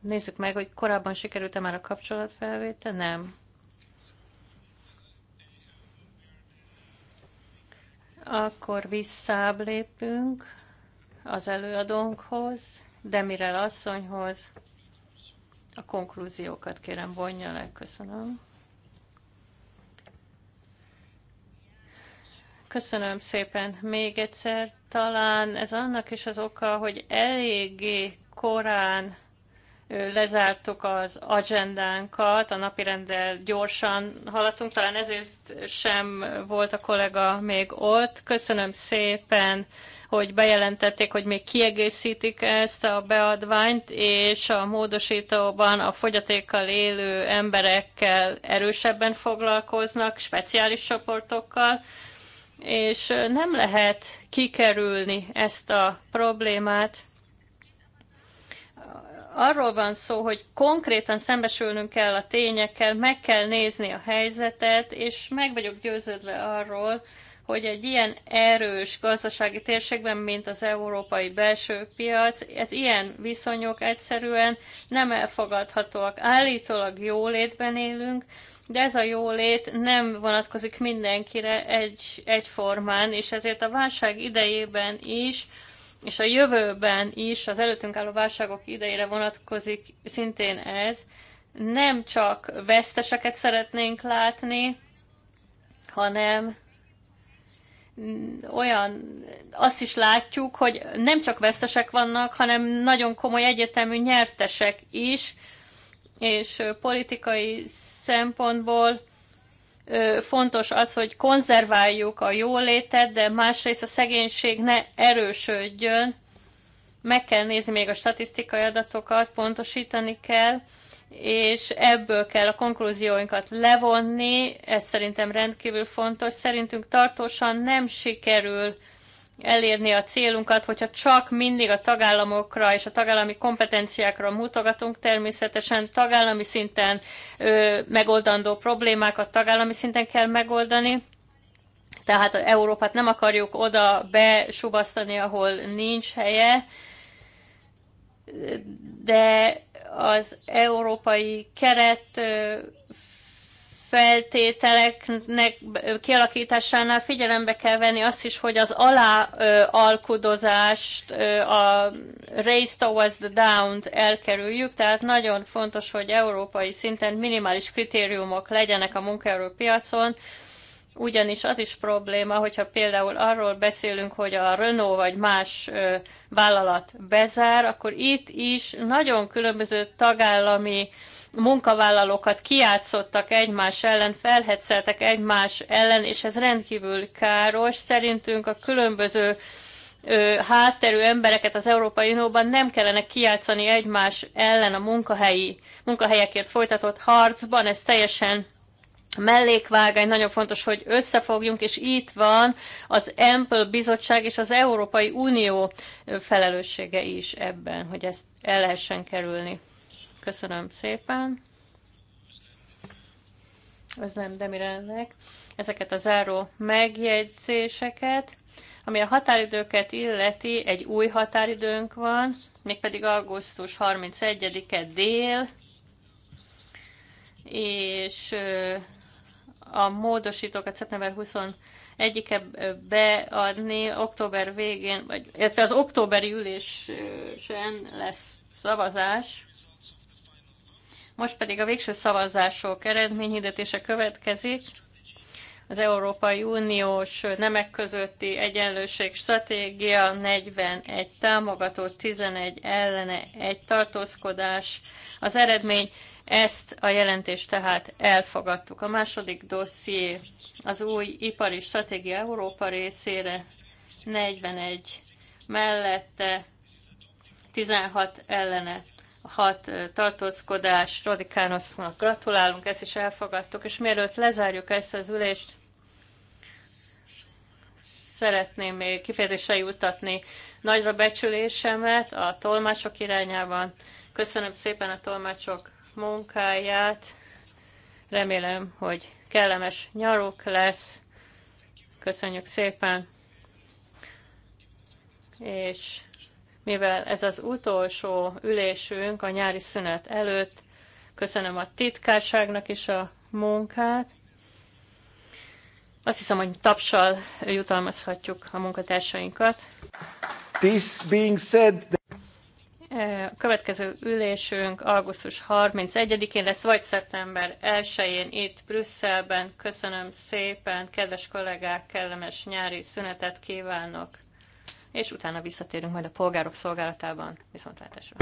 Nézzük meg, hogy korábban sikerült-e már a kapcsolatfelvétel? Nem. Akkor visszább lépünk az előadónkhoz, Demirel asszonyhoz. A konklúziókat kérem vonja le, köszönöm. Köszönöm szépen még egyszer. Talán ez annak is az oka, hogy eléggé korán lezártuk az agendánkat, a napirenddel gyorsan haladtunk, talán ezért sem volt a kollega még ott. Köszönöm szépen, hogy bejelentették, hogy még kiegészítik ezt a beadványt, és a módosítóban a fogyatékkal élő emberekkel erősebben foglalkoznak, speciális csoportokkal, és nem lehet kikerülni ezt a problémát, arról van szó, hogy konkrétan szembesülnünk kell a tényekkel, meg kell nézni a helyzetet, és meg vagyok győződve arról, hogy egy ilyen erős gazdasági térségben, mint az európai belső piac, ez ilyen viszonyok egyszerűen nem elfogadhatóak. Állítólag jólétben élünk, de ez a jólét nem vonatkozik mindenkire egy, egyformán, és ezért a válság idejében is és a jövőben is az előttünk álló válságok idejére vonatkozik szintén ez. Nem csak veszteseket szeretnénk látni, hanem olyan, azt is látjuk, hogy nem csak vesztesek vannak, hanem nagyon komoly egyetemű nyertesek is, és politikai szempontból fontos az, hogy konzerváljuk a jólétet, de másrészt a szegénység ne erősödjön. Meg kell nézni még a statisztikai adatokat, pontosítani kell, és ebből kell a konklúzióinkat levonni, ez szerintem rendkívül fontos. Szerintünk tartósan nem sikerül elérni a célunkat, hogyha csak mindig a tagállamokra és a tagállami kompetenciákra mutogatunk, természetesen tagállami szinten ö, megoldandó problémákat tagállami szinten kell megoldani, tehát Európát nem akarjuk oda besubasztani, ahol nincs helye, de az európai keret feltételeknek kialakításánál figyelembe kell venni azt is, hogy az aláalkudozást, a race towards the down elkerüljük, tehát nagyon fontos, hogy európai szinten minimális kritériumok legyenek a munkaerőpiacon, ugyanis az is probléma, hogyha például arról beszélünk, hogy a Renault vagy más vállalat bezár, akkor itt is nagyon különböző tagállami munkavállalókat kiátszottak egymás ellen, felhetszeltek egymás ellen, és ez rendkívül káros. Szerintünk a különböző ö, hátterű embereket az Európai Unióban nem kellene kiátszani egymás ellen a munkahelyi, munkahelyekért folytatott harcban, ez teljesen mellékvágány, nagyon fontos, hogy összefogjunk, és itt van az Ample Bizottság és az Európai Unió felelőssége is ebben, hogy ezt el lehessen kerülni. Köszönöm szépen. Ez nem Demirelnek. Ezeket a záró megjegyzéseket. Ami a határidőket illeti, egy új határidőnk van, mégpedig augusztus 31-e dél, és a módosítókat szeptember 21-e beadni, október végén, vagy, illetve az októberi ülésen lesz szavazás, most pedig a végső szavazások eredményhirdetése következik. Az Európai Uniós nemek közötti egyenlőség stratégia 41 támogató, 11 ellene, egy tartózkodás. Az eredmény ezt a jelentést tehát elfogadtuk. A második dosszié az új ipari stratégia Európa részére 41 mellette 16 ellene hat tartózkodás, Rodikánosznak gratulálunk, ezt is elfogadtuk, és mielőtt lezárjuk ezt az ülést, szeretném még kifejezésre jutatni nagyra becsülésemet a tolmácsok irányában. Köszönöm szépen a tolmácsok munkáját, remélem, hogy kellemes nyaruk lesz. Köszönjük szépen! És mivel ez az utolsó ülésünk a nyári szünet előtt, köszönöm a titkárságnak is a munkát. Azt hiszem, hogy tapsal jutalmazhatjuk a munkatársainkat. This being said, e, a következő ülésünk augusztus 31-én lesz, vagy szeptember 1-én itt Brüsszelben. Köszönöm szépen, kedves kollégák, kellemes nyári szünetet kívánok! és utána visszatérünk majd a polgárok szolgálatában viszontlátásra.